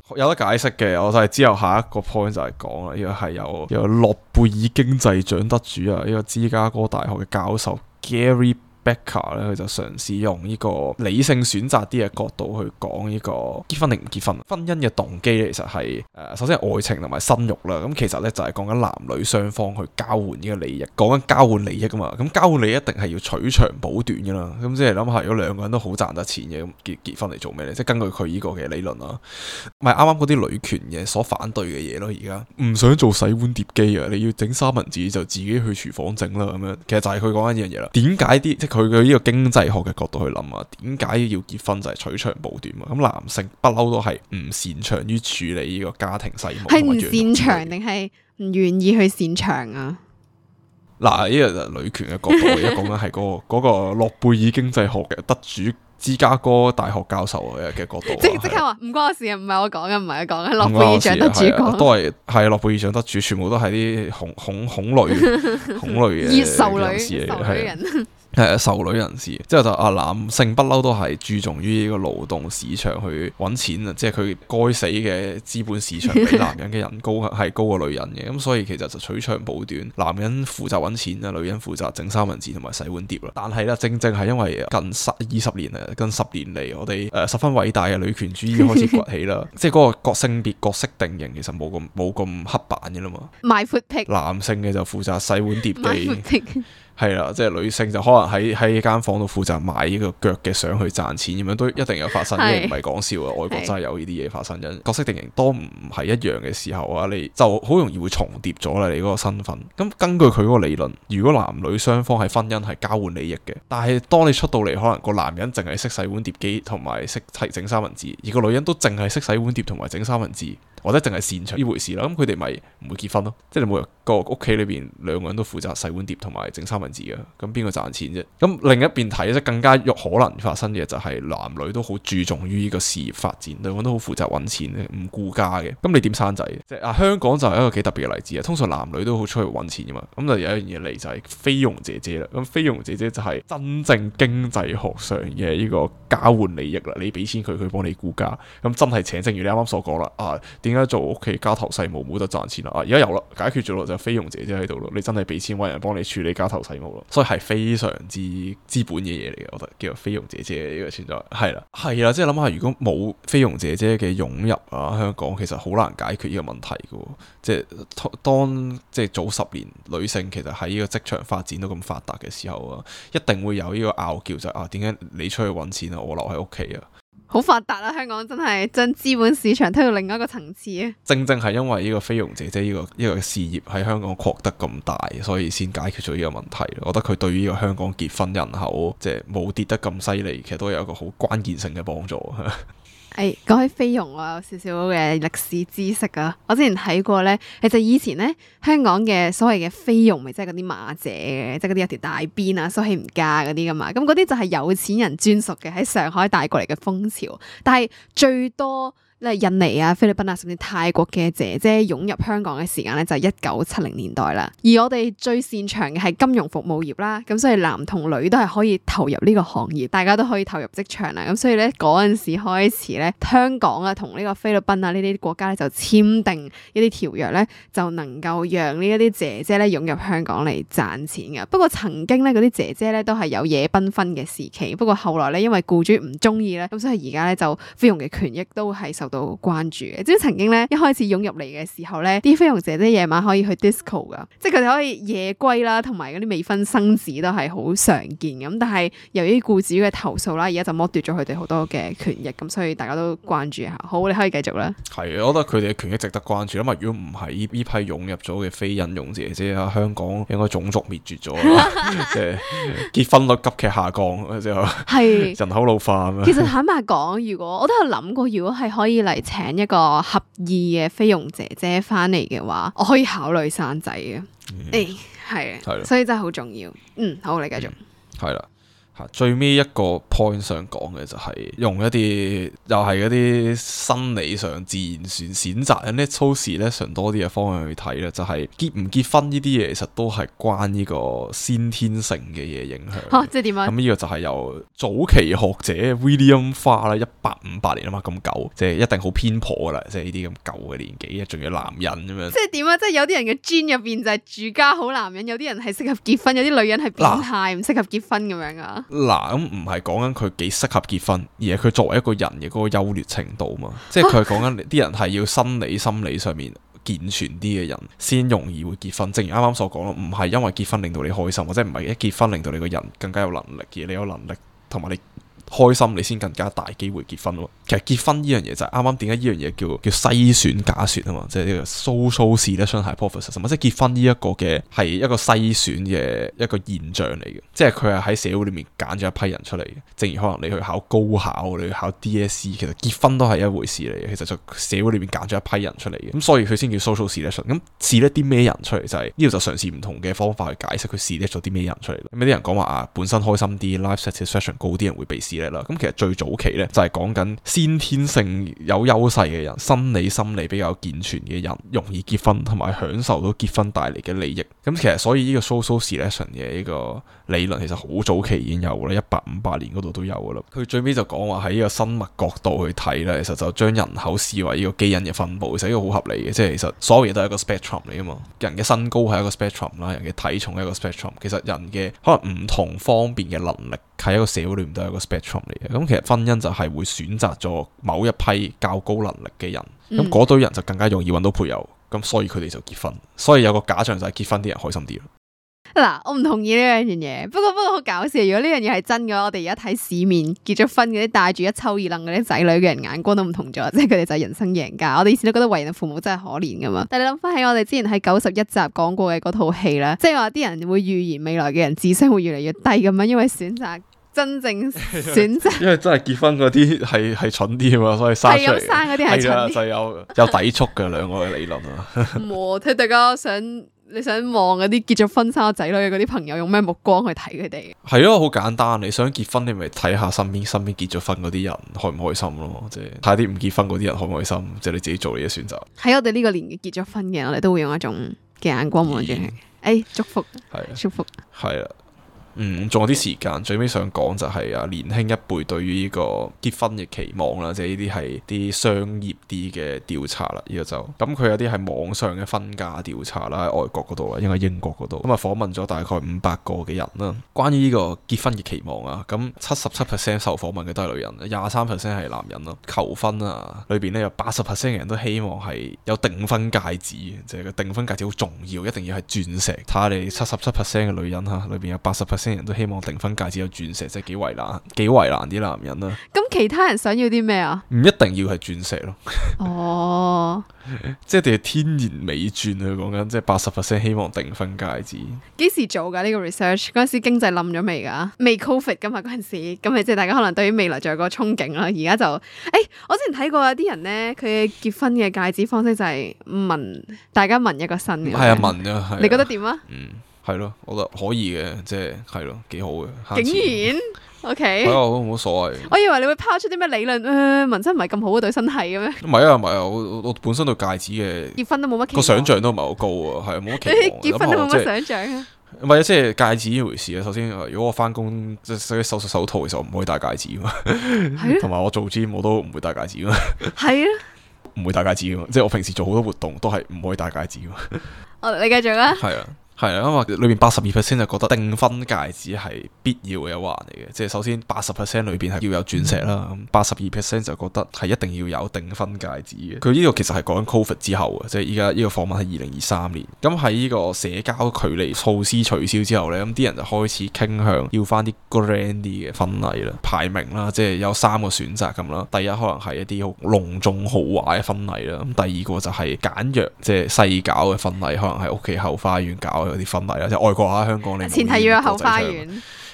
有得解釋嘅。我就係之後下一個 point 就係講啦，呢個係有有諾貝爾經濟獎得主啊，呢個芝加哥大學嘅教授 Gary。咧，佢就嘗試用呢個理性選擇啲嘅角度去講呢個結婚定唔結婚。婚姻嘅動機其實係誒、呃，首先係愛情同埋生育啦。咁其實咧就係講緊男女雙方去交換呢個利益，講緊交換利益啊嘛。咁交換利益一定係要取長補短噶啦。咁即係諗下，如果兩個人都好賺得錢嘅，結結婚嚟做咩咧？即係根據佢呢個嘅理論啦、啊，咪啱啱嗰啲女權嘅所反對嘅嘢咯。而家唔想做洗碗碟機啊，你要整三文治就自己去廚房整啦咁樣。其實就係佢講緊呢樣嘢啦。點解啲即去佢呢個經濟學嘅角度去諗啊，點解要結婚就係取長補短啊？咁男性不嬲都係唔擅長於處理呢個家庭細務。係唔擅長定係唔願意去擅長啊？嗱，呢個女權嘅角度嚟，講緊係嗰個嗰 個諾貝爾經濟學嘅得主芝加哥大學教授嘅角度。即即、啊、刻話唔關我事，唔係我講嘅，唔係我講嘅。諾貝爾獎得主講、啊啊，都係係諾貝爾獎得主，全部都係啲恐恐恐、恐類、恐類嘅野獸類嘅人。 係受女人士，之後就阿男性不嬲都係注重於呢個勞動市場去揾錢啊！即係佢該死嘅資本市場，比男人嘅人高係 高過女人嘅，咁所以其實就取長補短，男人負責揾錢啊，女人負責整三文治同埋洗碗碟啦。但係啦，正正係因為近十二十年嚟，近十年嚟，我哋誒、呃、十分偉大嘅女權主義開始崛起啦， 即係嗰個性別角色定型其實冇咁冇咁刻板嘅啦嘛。m a l 男性嘅就負責洗碗碟。嘅。foot 係啦，即係女性就可能喺喺間房度負責買呢個腳嘅相去賺錢咁樣，都一定有發生嘅，唔係講笑啊！外國真係有呢啲嘢發生，因的角色定型多唔係一樣嘅時候啊，你就好容易會重疊咗啦，你嗰個身份。咁根據佢嗰個理論，如果男女雙方係婚姻係交換利益嘅，但係當你出到嚟，可能個男人淨係識洗碗、碟機同埋識砌整三文治，而個女人都淨係識洗碗、碟同埋整三文治。或者淨係擅長呢回事啦，咁佢哋咪唔會結婚咯？即係每個屋企裏邊兩個人都負責洗碗碟同埋整三文治嘅，咁邊個賺錢啫？咁另一邊睇咧，即更加有可能發生嘅就係男女都好注重於呢個事業發展，兩個人都好負責揾錢嘅，唔顧家嘅。咁你點生仔？即係啊，香港就係一個幾特別嘅例子啊。通常男女都好出去揾錢嘅嘛，咁就有一樣嘢嚟就係菲傭姐姐啦。咁菲傭姐姐就係真正經濟學上嘅呢個交換利益啦。你俾錢佢，佢幫你顧家。咁真係請，正如你啱啱所講啦啊！點解做屋企家頭細務冇得賺錢啦？啊，而家有啦，解決咗咯，就菲傭姐姐喺度咯。你真係俾錢搵人幫你處理家頭細務咯，所以係非常之資本嘅嘢嚟嘅，我覺得叫做菲傭姐姐呢個存在係啦，係啦。即係諗下，如果冇菲傭姐姐嘅湧入啊，香港其實好難解決呢個問題嘅。即係當即係早十年女性其實喺呢個職場發展到咁發達嘅時候啊，一定會有呢個拗撬就係、是、啊，點解你出去搵錢啊，我留喺屋企啊？好發達啦，啊，香港真係將資本市場推到另一個層次啊！正正係因為呢個菲傭姐姐呢，呢個呢，呢個事業喺香港擴得咁大，所以先解決咗呢個問題。我覺得佢對於呢個香港結婚人口即係冇跌得咁犀利，其實都有一個好關鍵性嘅幫助。 誒、哎，講起菲傭、啊，我有少少嘅歷史知識啊！我之前睇過咧，其實以前咧，香港嘅所謂嘅菲傭，咪即係嗰啲馬姐嘅，即係嗰啲有條大辮啊，梳起唔嫁嗰啲噶嘛，咁嗰啲就係有錢人專屬嘅，喺上海帶過嚟嘅風潮，但係最多。即係印尼啊、菲律賓啊，甚至泰國嘅姐姐湧入香港嘅時間咧，就係一九七零年代啦。而我哋最擅長嘅係金融服務業啦，咁所以男同女都係可以投入呢個行業，大家都可以投入職場啦。咁所以咧嗰陣時開始咧，香港啊同呢個菲律賓啊呢啲國家咧就簽訂一啲條約咧，就能夠讓呢一啲姐姐咧湧入香港嚟賺錢嘅。不過曾經咧嗰啲姐姐咧都係有野繽紛嘅時期，不過後來咧因為僱主唔中意咧，咁所以而家咧就菲傭嘅權益都係受。都關注嘅，即係曾經咧，一開始湧入嚟嘅時候咧，啲菲傭姐姐夜晚可以去 disco 噶，即係佢哋可以夜歸啦，同埋嗰啲未婚生子都係好常見咁。但係由於僱主嘅投訴啦，而家就剝奪咗佢哋好多嘅權益咁，所以大家都關注下。好，你可以繼續啦。係，我覺得佢哋嘅權益值得關注，因為如果唔係呢批湧入咗嘅非印傭姐姐啊，香港應該種族滅絕咗，即係結婚率急劇下降之後，係的 人口老化啊。其實坦白講，如果我都有諗過，如果係可以。嚟請一個合意嘅菲傭姐姐翻嚟嘅話，我可以考慮生仔嘅。誒、嗯，係啊、哎，的所以真係好重要。嗯，好，你繼續。係啦、嗯。最尾一個 point 想講嘅就係用一啲又係嗰啲生理上自然選選擇嗰啲措施咧，上多啲嘅方向去睇啦，就係、是、結唔結婚呢啲嘢，其實都係關呢個先天性嘅嘢影響、啊。即係點啊？咁呢、嗯這個就係由早期學者 William 花啦，一八五八年啊嘛，咁舊，即係一定好偏頗噶啦，即係呢啲咁舊嘅年紀，仲要男人咁樣。即係點啊？即係有啲人嘅 gene 入邊就係住家好男人，有啲人係適合結婚，有啲女人係變態唔適合結婚咁樣噶。嗱，咁唔係講緊佢幾適合結婚，而係佢作為一個人嘅嗰個優劣程度嘛。啊、即係佢係講緊啲人係要心理心理上面健全啲嘅人，先容易會結婚。正如啱啱所講咯，唔係因為結婚令到你開心，或者唔係一結婚令到你個人更加有能力，而你有能力同埋你，開心你先更加大機會結婚咯。其實結婚呢樣嘢就係啱啱點解呢樣嘢叫叫篩選假説啊嘛，即係呢個 social selection，hypothesis 什麼，即係結婚呢一個嘅係一個篩選嘅一個現象嚟嘅。即係佢係喺社會裏面揀咗一批人出嚟嘅。正如可能你去考高考，你去考 DSE，其實結婚都係一回事嚟嘅。其實就社會裏面揀咗一批人出嚟嘅，咁所以佢先叫 social selection。咁選啲啲咩人出嚟，就係呢度就嘗試唔同嘅方法去解釋佢選咗啲咩人出嚟。咁有啲人講話啊，本身開心啲，life satisfaction 高啲人會被選啦，咁其實最早期咧就係講緊先天性有優勢嘅人，心理心理比較健全嘅人，容易結婚，同埋享受到結婚帶嚟嘅利益。咁其實所以呢個 social selection 嘅呢個理論，其實好早期已經有啦，一八五八年嗰度都有噶啦。佢最尾就講話喺呢個生物角度去睇咧，其實就將人口視為呢個基因嘅分佈，其實呢個好合理嘅，即係其實所有嘢都係一個 spectrum 嚟噶嘛。人嘅身高係一個 spectrum 啦，人嘅體重係一個 spectrum。其實人嘅可能唔同方面嘅能力。係一個社會裏面都係一個 spectrum 嚟嘅，咁其實婚姻就係會選擇咗某一批較高能力嘅人，咁嗰堆人就更加容易揾到配偶，咁所以佢哋就結婚，所以有個假象就係結婚啲人開心啲咯。嗱，我唔同意呢樣嘢，不過不過好搞笑，如果呢樣嘢係真嘅，我哋而家睇市面結咗婚嗰啲帶住一抽二愣嗰啲仔女嘅人眼光都唔同咗，即係佢哋就係人生贏家。我哋以前都覺得爲人父母真係可憐噶嘛，但係你諗翻起我哋之前喺九十一集講過嘅嗰套戲啦，即係話啲人會預言未來嘅人智商會越嚟越低咁樣，因爲選擇。真正選擇， 因為真係結婚嗰啲係係蠢啲啊嘛，所以生係有生嗰啲係就是、有有抵觸嘅兩個理論啊。我睇 大家想你想望嗰啲結咗婚生仔女嗰啲朋友用咩目光去睇佢哋？係啊，好簡單，你想結婚你咪睇下身邊身邊結咗婚嗰啲人開唔開心咯，即係睇啲唔結婚嗰啲人開唔開心，即、就、係、是、你自己做你嘅選擇。喺我哋呢個年紀結咗婚嘅，我哋都會用一種嘅眼光望住，嗯、哎祝福係的祝福係啊。的的嗯，仲有啲時間，最尾想講就係啊年輕一輩對於呢個結婚嘅期望啦，即係呢啲係啲商業啲嘅調查啦。而、呢個、就咁佢、嗯、有啲係網上嘅婚嫁調查啦，喺外國嗰度啊，應該英國嗰度。咁、嗯、啊訪問咗大概五百個嘅人啦，關於呢個結婚嘅期望啊，咁七十七 percent 受訪問嘅都係女人，廿三 percent 係男人咯。求婚啊，裏邊咧有八十 percent 嘅人都希望係有訂婚戒指，即係個訂婚戒指好重要，一定要係鑽石。睇下你七十七 percent 嘅女人嚇，裏、啊、邊有八十 percent 人都希望訂婚戒指有鑽石，即係幾為難，幾為難啲男人啊。咁其他人想要啲咩啊？唔一定要係鑽石咯。 哦，即係定係天然美鑽啊！講緊即係八十 percent 希望訂婚戒指。幾時做噶呢個 research？嗰陣時經濟冧咗未噶？未 covid 噶嘛？嗰陣時咁咪即係大家可能對於未來仲有個憧憬啦。而家就誒、欸，我之前睇過有啲人咧，佢嘅結婚嘅戒指方式就係紋，大家紋一個新嘅。係啊，紋啊，你覺得點啊？嗯。係咯，我覺得可以嘅，即係係咯，幾好嘅。竟然，OK，係啊，冇所謂。我以為你會拋出啲咩理論，誒、呃，紋身唔係咁好對身體嘅咩？唔係啊，唔係啊，我我本身對戒指嘅結婚都冇乜個想象都唔係好高啊，係冇乜。你 結婚都冇乜想象啊？唔係啊，即係戒指呢回事啊。首先，如果我翻工即係手手手套，其實我唔可以戴戒指 啊。同埋我做 gym，我都唔會戴戒指 啊。係啊。唔會戴戒指啊，即係我平時做好多活動都係唔可以戴戒指 繼續啊。哦，你繼續啦。係啊。係啊，因為裏面八十二 percent 就覺得訂婚戒指係必要嘅一環嚟嘅，即係首先八十 percent 裏邊係要有鑽石啦，八十二 percent 就覺得係一定要有訂婚戒指嘅。佢呢個其實係講緊 COVID 之後嘅，即係依家呢個訪問係二零二三年。咁喺呢個社交距離措施取消之後呢，咁啲人就開始傾向要翻啲 grand 啲嘅婚禮啦，排名啦，即係有三個選擇咁啦。第一可能係一啲好隆重豪華嘅婚禮啦，咁第二個就係簡約即係細搞嘅婚禮，可能喺屋企後花園搞。有啲婚禮啦，即係外國啊，香港你前提要有後花園，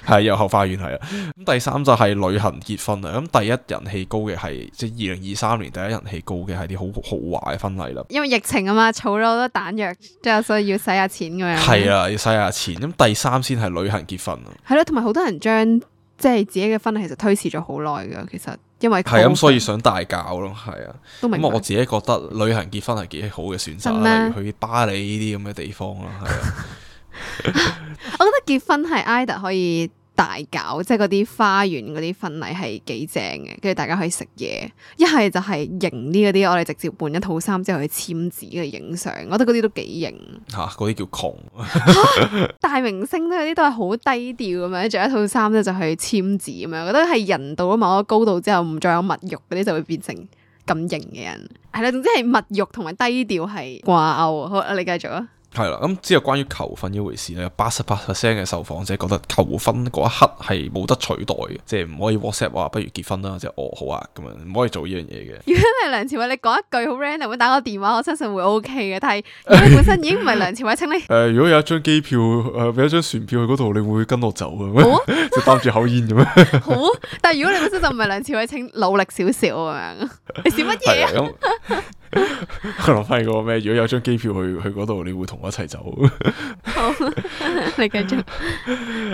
係有 後花園係啊。咁、嗯、第三就係旅行結婚啊。咁 第一人氣高嘅係即係二零二三年第一人氣高嘅係啲好豪華嘅婚禮啦。因為疫情啊嘛，儲咗好多彈藥，即係所以要使下錢咁樣。係啊， 要使下錢。咁第三先係旅行結婚啊。係咯，同埋好多人將即係自己嘅婚禮其實推遲咗好耐噶，其實。因為係咁，所以想大搞咯，係啊。咁我自己覺得旅行結婚係幾好嘅選擇，例如去巴黎呢啲咁嘅地方啦。係啊，我覺得結婚係 either 可以。大搞即係嗰啲花園嗰啲婚禮係幾正嘅，跟住大家可以食嘢。一係就係型啲嗰啲，我哋直接換一套衫之後去簽字去影相。我覺得嗰啲都幾型。吓、啊，嗰啲叫窮、 啊、大明星咧，嗰啲都係好低調咁樣，着一套衫咧就去簽字咁樣。我覺得係人到咗某一個高度之後，唔再有物欲嗰啲就會變成咁型嘅人。係啦，總之係物欲同埋低調係掛鈎。好，你繼續啊。係啦，咁、嗯、之後關於求婚呢回事咧，有八十八 percent 嘅受訪者覺得求婚嗰一刻係冇得取代嘅，即係唔可以 WhatsApp 話、啊、不如結婚啦、啊，即係哦好啊咁樣，唔可以做呢樣嘢嘅。如果你係梁朝偉，你講一句好 random 打個電話，我相信會 OK 嘅。但係如果你本身已經唔係梁朝偉，請你誒、 呃，如果有一張機票誒，俾、呃、一張船票去嗰度，你會跟我走嘅咩？哦、 就擔住口煙咁樣。 好啊，但係如果你本身就唔係梁朝偉，請努力少少咁樣！ 你笑乜嘢啊？ 我諗翻起個咩？如果有張機票去去嗰度，你會同我一齊走？好，你繼續。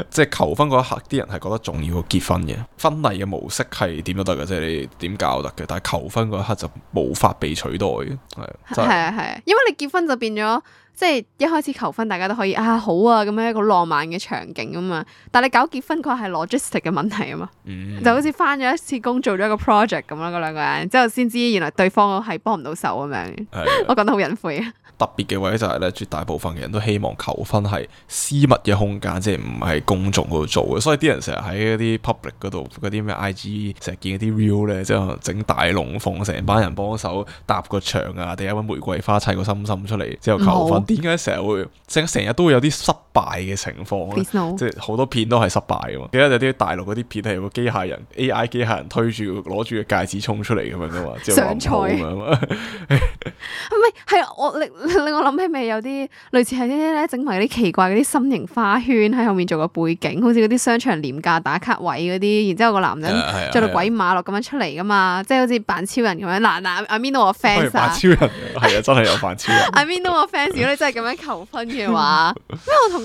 即係求婚嗰一刻，啲人係覺得重要過結婚嘅婚禮嘅模式係點都你搞得嘅，即係你點搞得嘅。但係求婚嗰一刻就無法被取代嘅，係係啊係啊，因為你結婚就變咗。即係一開始求婚，大家都可以啊好啊咁樣一個浪漫嘅場景啊嘛，但你搞結婚嗰個係 logistic 嘅問題啊嘛，嗯、就好似翻咗一次工做咗一個 project 咁啦，嗰兩個人之後先知原來對方係幫唔到手咁樣，的 我覺得好隱晦啊。特別嘅位就係咧，絕大部分嘅人都希望求婚係私密嘅空間，即係唔係公眾嗰度做嘅。所以啲人成日喺嗰啲 public 嗰度嗰啲咩 IG，成日見嗰啲 real 咧，之後整大龍鳳，放成班人幫手搭個牆啊，第一搵玫瑰花砌個心心出嚟，之後求婚。點解成日會？點解成日都會有啲濕敗嘅情況，即係好多片都係失敗嘅。我記得有啲大陸嗰啲片係有個機械人 A I 機械人推住攞住個戒指衝出嚟咁樣噶嘛，上菜唔係係我令令我諗起咪有啲類似係啲咧整埋啲奇怪嗰啲心形花圈喺後面做個背景，好似嗰啲商場廉價打卡位嗰啲，然之後個男人着到鬼馬樂咁樣出嚟噶嘛，即係好似扮超人咁樣。嗱嗱，I mean to 我 fans 扮超人，係啊，真係有扮超人。I mean 我 fans，如果你真係咁樣求婚嘅話，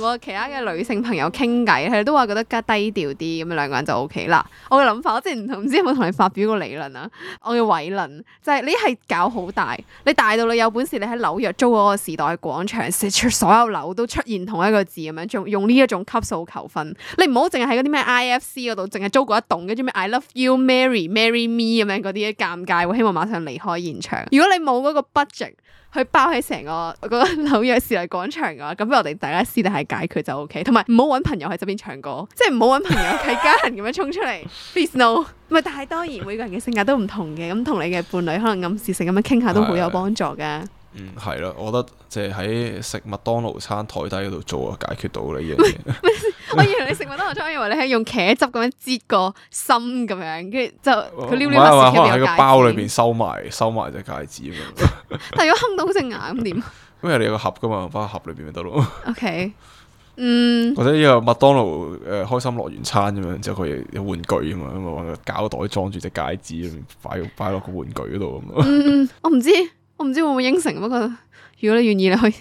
我其他嘅女性朋友傾偈，佢哋都話覺得加低調啲，咁樣兩個人就 O K 啦。我嘅諗法，我之前唔知有冇同你發表過理論啊？我嘅偉論就係、是、你係搞好大，你大到你有本事，你喺紐約租嗰個時代廣場，寫出所有樓都出現同一個字咁樣，仲用呢一種級數求婚。你唔好淨係喺嗰啲咩 I F C 嗰度，淨係租過一棟，跟住咩 I love you，marry，marry me 咁樣嗰啲，尷尬，我希望馬上離開現場。如果你冇嗰個 budget。佢包喺成個，我覺得紐約時代廣場啊，咁我哋大家私底下解決就 O K，同埋唔好揾朋友喺側邊唱歌，即係唔好揾朋友喺家人咁樣衝出嚟。Please no，唔係，但係當然每個人嘅性格都唔同嘅，咁同你嘅伴侶可能暗示性咁樣傾下都好有幫助噶。 嗯，係咯，我覺得即係喺食麥當勞餐台底嗰度做啊，解決到呢樣嘢。我以為你食麥當勞餐，以為你係用茄汁咁樣擠個心咁樣，跟住就佢撩撩下食喺個包裏邊收埋收埋隻戒指啊？ 但如果吞到好成牙咁點，咁因為你有個盒噶嘛，放喺盒裏邊咪得咯。OK，嗯，或者呢個麥當勞誒、呃、開心樂園餐咁樣，就佢有玩具啊嘛，咁啊膠袋裝住隻戒指，擺擺落個玩具嗰度咁樣。嗯，我唔知。我唔知會唔會應承，不過如果你願意，你可以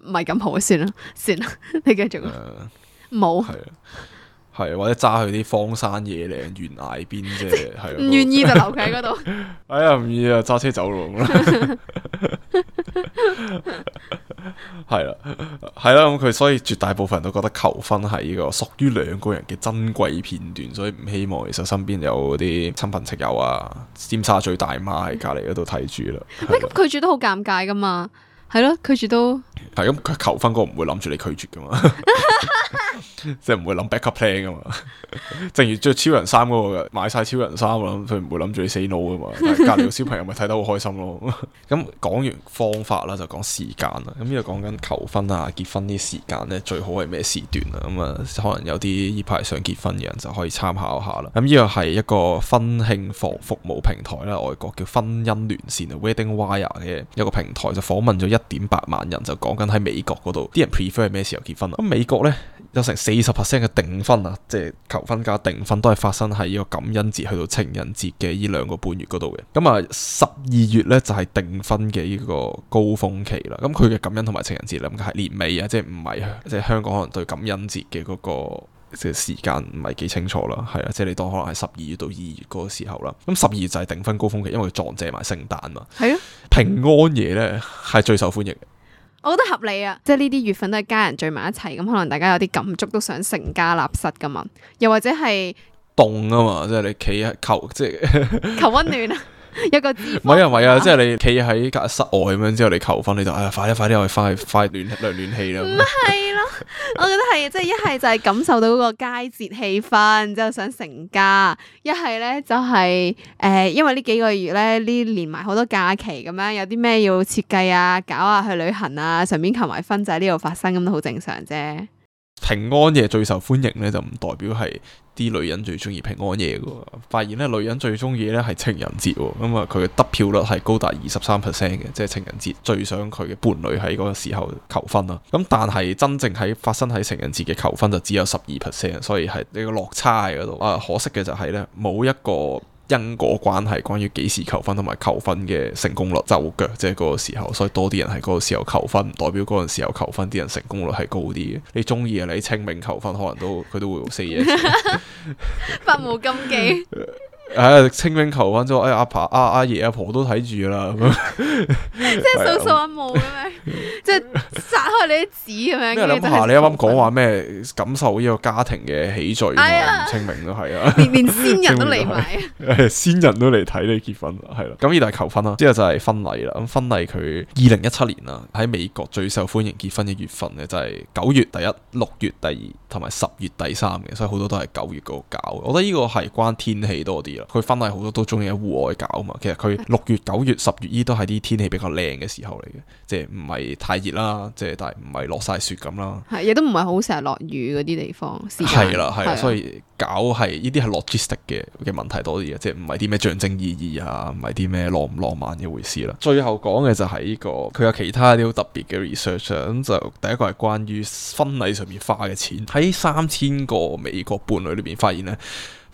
唔係咁好算啦，算啦，你繼續。冇、uh, 沒有。係或者揸去啲荒山野嶺懸崖邊啫，係唔願意就留佢喺嗰度。 哎呀，唔願意啊，揸車走咁咯。係啦，係啦，咁佢所以絕大部分人都覺得求婚係呢個屬於兩個人嘅珍貴片段，所以唔希望其實身邊有啲親朋戚友啊，尖沙咀大媽喺隔籬嗰度睇住啦。咁拒絕都好尷尬噶嘛，係咯，拒絕都係咁，佢求婚嗰個唔會諗住你拒絕噶嘛。即係唔會諗 backup plan 噶嘛， 正如着超人衫嗰個，買晒超人衫啊，佢唔會諗住你 say no 噶嘛，但係隔籬個小朋友咪睇得好開心咯， 嗯。咁講完方法啦，就講時間啦。咁呢個講緊求婚啊、結婚啲時間咧，最好係咩時段啊？咁、嗯、啊，可能有啲呢排想結婚嘅人就可以參考下啦。咁呢個係一個婚慶服服務平台啦，外國叫婚姻連線啊 （Wedding Wire） 嘅一個平台，就訪問咗一點八萬人，就講緊喺美國嗰度啲人 prefer 係咩時候結婚啊？咁、嗯、美國呢，有成幾十 percent 嘅訂婚啊，即係、就是、求婚加訂婚都係發生喺呢個感恩節去到情人節嘅呢兩個半月嗰度嘅。咁啊，十二月呢就係訂婚嘅呢個高峰期啦。咁佢嘅感恩同埋情人節呢，咁係年尾啊，即係唔係即係香港可能對感恩節嘅嗰個時間唔係幾清楚啦。係啊，即係你當可能係十二月到二月嗰個時候啦。咁十二就係訂婚高峰期，因為佢撞借埋聖誕啊。平安夜呢，係最受歡迎我覺得合理啊，即係呢啲月份都係家人聚埋一齊，咁可能大家有啲感觸都想成家立室㗎嘛，又或者係凍啊嘛，即係你企啊求即係 求溫暖啊。 一個唔係啊，唔係啊，即係你企喺隔室外咁樣之後嚟求婚，你就哎呀快啲，快啲，我哋快快暖略暖，暖氣啦，唔係咯，我覺得係，即係一係就係感受到嗰個佳節氣氛，之後想成家，一係咧就係誒，因為呢幾個月咧呢連埋好多假期咁樣，有啲咩要設計啊，搞啊，去旅行啊，順便求埋婚仔呢度發生咁都好正常啫。平安夜最受歡迎咧，就唔代表係啲女人最中意平安夜嘅喎。發現咧，女人最中意咧係情人節喎。咁、嗯、啊，佢嘅得票率係高達二十三 percent 嘅，即係情人節最想佢嘅伴侶喺嗰個時候求婚啦。咁、嗯、但係真正喺發生喺情人節嘅求婚就只有十二 percent，所以係呢個落差喺嗰度。啊，可惜嘅就係咧冇一個。因果關係，關於幾時求婚同埋求婚嘅成功率就腳，即係嗰個時候，所以多啲人喺嗰個時候求婚，唔代表嗰陣時候求婚啲人成功率係高啲嘅。你中意啊？你清明求婚，可能都佢都會好四野，百無禁忌。 係、啊、清明求婚之後，哎阿爸阿阿爺阿婆都睇住啦，咁即係掃掃阿墓咁樣，即係撒 開你啲紙咁樣。因為阿爸你啱啱講話咩感受呢個家庭嘅喜聚啊，哎、呀清明都係啊，連連先人都嚟埋，誒來 先人都嚟睇你結婚啊，係、嗯、啦。咁依度係求婚啦，之後就係婚禮啦。咁婚禮佢二零一七年啦，喺美國最受歡迎結婚嘅月份咧，就係九月第一、六月第二同埋十月第三嘅，所以好多都係九月嗰度搞。我覺得呢個係關天氣多啲。佢婚禮好多都中意喺戶外搞嘛，其實佢六月、九月、十月依都係啲天氣比較靚嘅時候嚟嘅，即係唔係太熱啦，即係但係唔係落晒雪咁啦，係亦都唔係好成日落雨嗰啲地方。係啦，係啊，的所以搞係呢啲係 logistic 嘅嘅問題多啲嘅，即係唔係啲咩象徵意義啊，唔係啲咩浪唔浪漫一回事啦。最後講嘅就係呢個，佢有其他啲好特別嘅 research，咁就第一個係關於婚禮上面花嘅錢，喺三千個美國伴侶裏邊發現呢。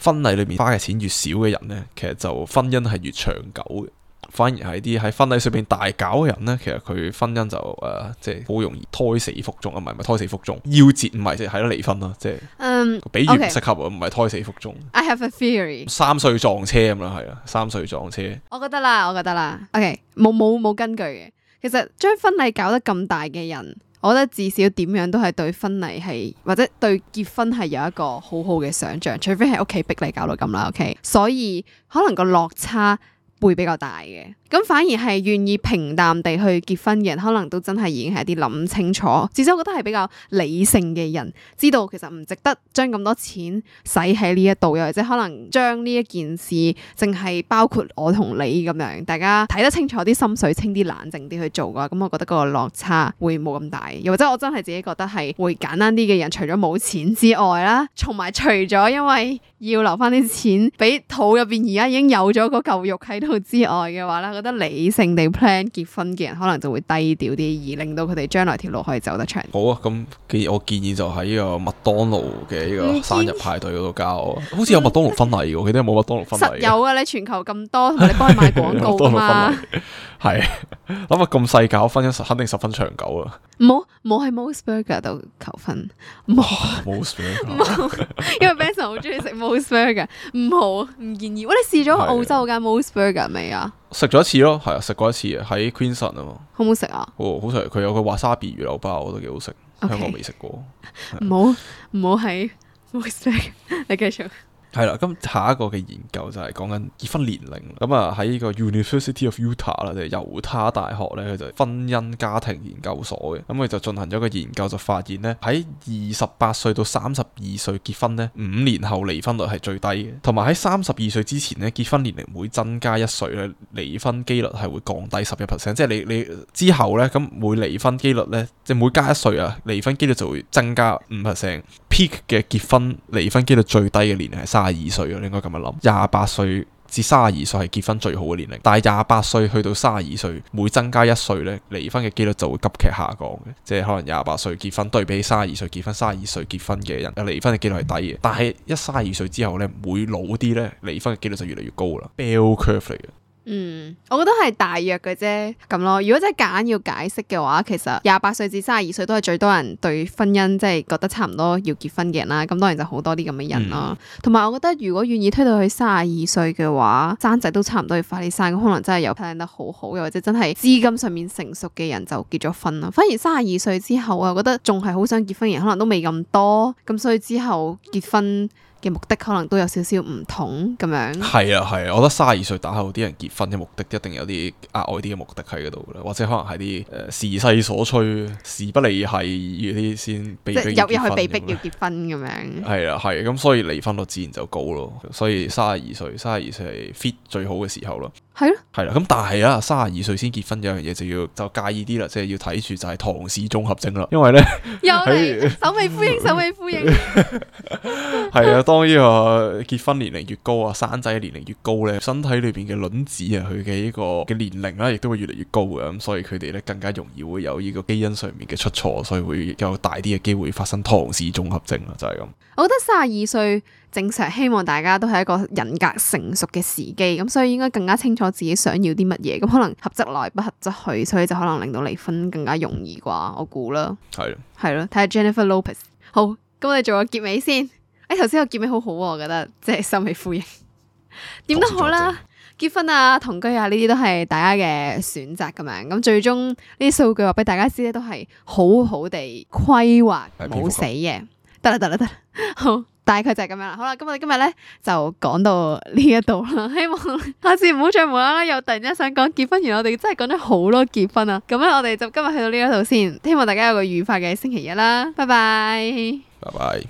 婚禮裏面花嘅錢越少嘅人呢，其實就婚姻係越長久嘅。反而係啲喺婚禮上面大搞嘅人呢，其實佢婚姻就誒即係好容易胎死腹中啊，唔係唔係胎死腹中，夭折唔係即係係咯離婚咯，即、就、係、是、嗯比喻唔適合唔係 okay, 胎死腹中。I have a theory，三歲撞車咁啦，係啦，三歲撞車。撞車我覺得啦，我覺得啦，OK，冇冇冇根據嘅。其實將婚禮搞得咁大嘅人。我覺得至少點樣都係對婚禮係，或者對結婚係有一個好好嘅想像，除非係屋企逼你搞到咁啦，OK。所以可能個落差會比較大嘅。咁反而係願意平淡地去結婚嘅人，可能都真係已經係一啲諗清楚，至少我覺得係比較理性嘅人，知道其實唔值得將咁多錢使喺呢一度，又或者可能將呢一件事淨係包括我同你咁樣，大家睇得清楚啲，心水清啲，冷靜啲去做嘅話，咁我覺得嗰個落差會冇咁大，又或者我真係自己覺得係會簡單啲嘅人，除咗冇錢之外啦，同埋除咗因為要留返啲錢俾肚入邊而家已經有咗個嚿肉喺度之外嘅話啦。覺得理性地 plan 結婚嘅人，可能就會低調啲，而令到佢哋將來條路可以走得長。好啊，咁我建議就喺呢個麥當勞嘅呢個生日派對嗰度交好，好似、嗯啊、有麥當勞婚禮嘅，佢哋有冇麥當勞婚禮？實有啊，你全球咁多，同你幫佢買廣告嘛。 .係諗下咁細搞婚， 分一十肯定十分長久啊！冇冇喺 MOS Burger 度求婚，冇 MOS Burger，因為 Benson 好中意食 MOS Burger 唔好唔建議。喂，你試咗澳洲嘅 MOS Burger 未啊？食咗了一次咯，係啊，食過一次 Sun，好好啊，喺 Queensland 啊嘛。好唔好食啊？哦，好食，佢有個華沙比魚柳包，我覺得幾好食，Okay 香港未食過。唔好唔好喺 MOS Burg er 你繼續。係啦，咁下一個嘅研究就係講緊結婚年齡。咁啊喺呢個 University of Utah 啦，即係猶他大學咧，佢就婚姻家庭研究所嘅。咁佢就進行咗一個研究，就發現咧喺二十八歲到三十二歲結婚咧，五年後離婚率係最低嘅。同埋喺三十二歲之前咧，結婚年齡每增加一歲咧，離婚機率係會降低十一 %，percent。即係你你之後咧，咁每離婚機率咧，即係每加一歲啊，離婚機率就會增加五 percent。Peak 嘅結婚離婚機率最低嘅年齡係三二歲咯，你應該咁樣諗。廿八歲至卅二歲係結婚最好嘅年齡，但係廿八歲去到卅二歲，每增加一歲咧，離婚嘅幾率就會急劇下降嘅。即係可能廿八歲結婚，對比三十二歲結婚，三十二歲結婚嘅人，離婚嘅幾率係低嘅。但係一卅二歲之後咧，每老啲咧，離婚嘅幾率就越嚟越高啦。Bell curve 嗯，我覺得係大約嘅啫咁咯。如果真係硬要解釋嘅話，其實廿八歲至三十二歲都係最多人對婚姻即係、就是、覺得差唔多要結婚嘅人啦。咁當然就好多啲咁嘅人咯、啊。同埋、嗯、我覺得，如果願意推到去三十二歲嘅話，生仔都差唔多要快啲生。可能真係有 plan 得好好嘅，或者真係資金上面成熟嘅人就結咗婚啦。反而三十二歲之後、啊，我覺得仲係好想結婚嘅人可能都未咁多。咁所以之後結婚。嘅目的可能都有少少唔同咁樣，係啊係啊，我覺得三十二歲打後啲人結婚嘅目的一定有啲額外啲嘅目的喺嗰度啦，或者可能係啲誒時勢所趨，時不利係嗰啲先被即入入去被逼要結婚咁樣，係啊係啊，咁、啊啊、所以離婚率自然就高咯，所以三十二歲三十二歲係 fit 最好嘅時候咯，係咯，係啦，咁但係啊，三十二歲先結婚有樣嘢就要就介意啲啦，即、就、係、是、要睇住就係唐氏綜合症啦，因為呢，又 未，首尾呼應，首尾呼應，係 啊。當呢個結婚年齡越高啊，生仔年齡越高咧，身體裏邊嘅卵子啊，佢嘅呢個嘅年齡咧，亦都會越嚟越高嘅，咁所以佢哋咧更加容易會有呢個基因上面嘅出錯，所以會有大啲嘅機會發生唐氏綜合症啊，就係咁。我覺得三十二歲正常，希望大家都係一個人格成熟嘅時機，咁所以應該更加清楚自己想要啲乜嘢，咁可能合則來，不合則去，所以就可能令到離婚更加容易啩，我估啦。係，係咯，睇下 Jennifer Lopez。好，咁我哋做個結尾先。誒，頭先個結尾好好，啊，我覺得即係心尾呼應點 都好啦，啊。結婚啊，同居啊，呢啲都係大家嘅選擇咁樣。咁最終呢啲數據話俾大家知咧，都係好好地規劃冇死嘅。得啦得啦得，好， 好大概就係咁樣啦。好啦，咁我哋今日咧就講到呢一度啦。希望下次唔好再無啦啦又突然之間想講結婚，原來我哋真係講咗好多結婚啊。咁咧我哋就今日去到呢一度先，希望大家有個愉快嘅星期日啦。拜拜，拜拜。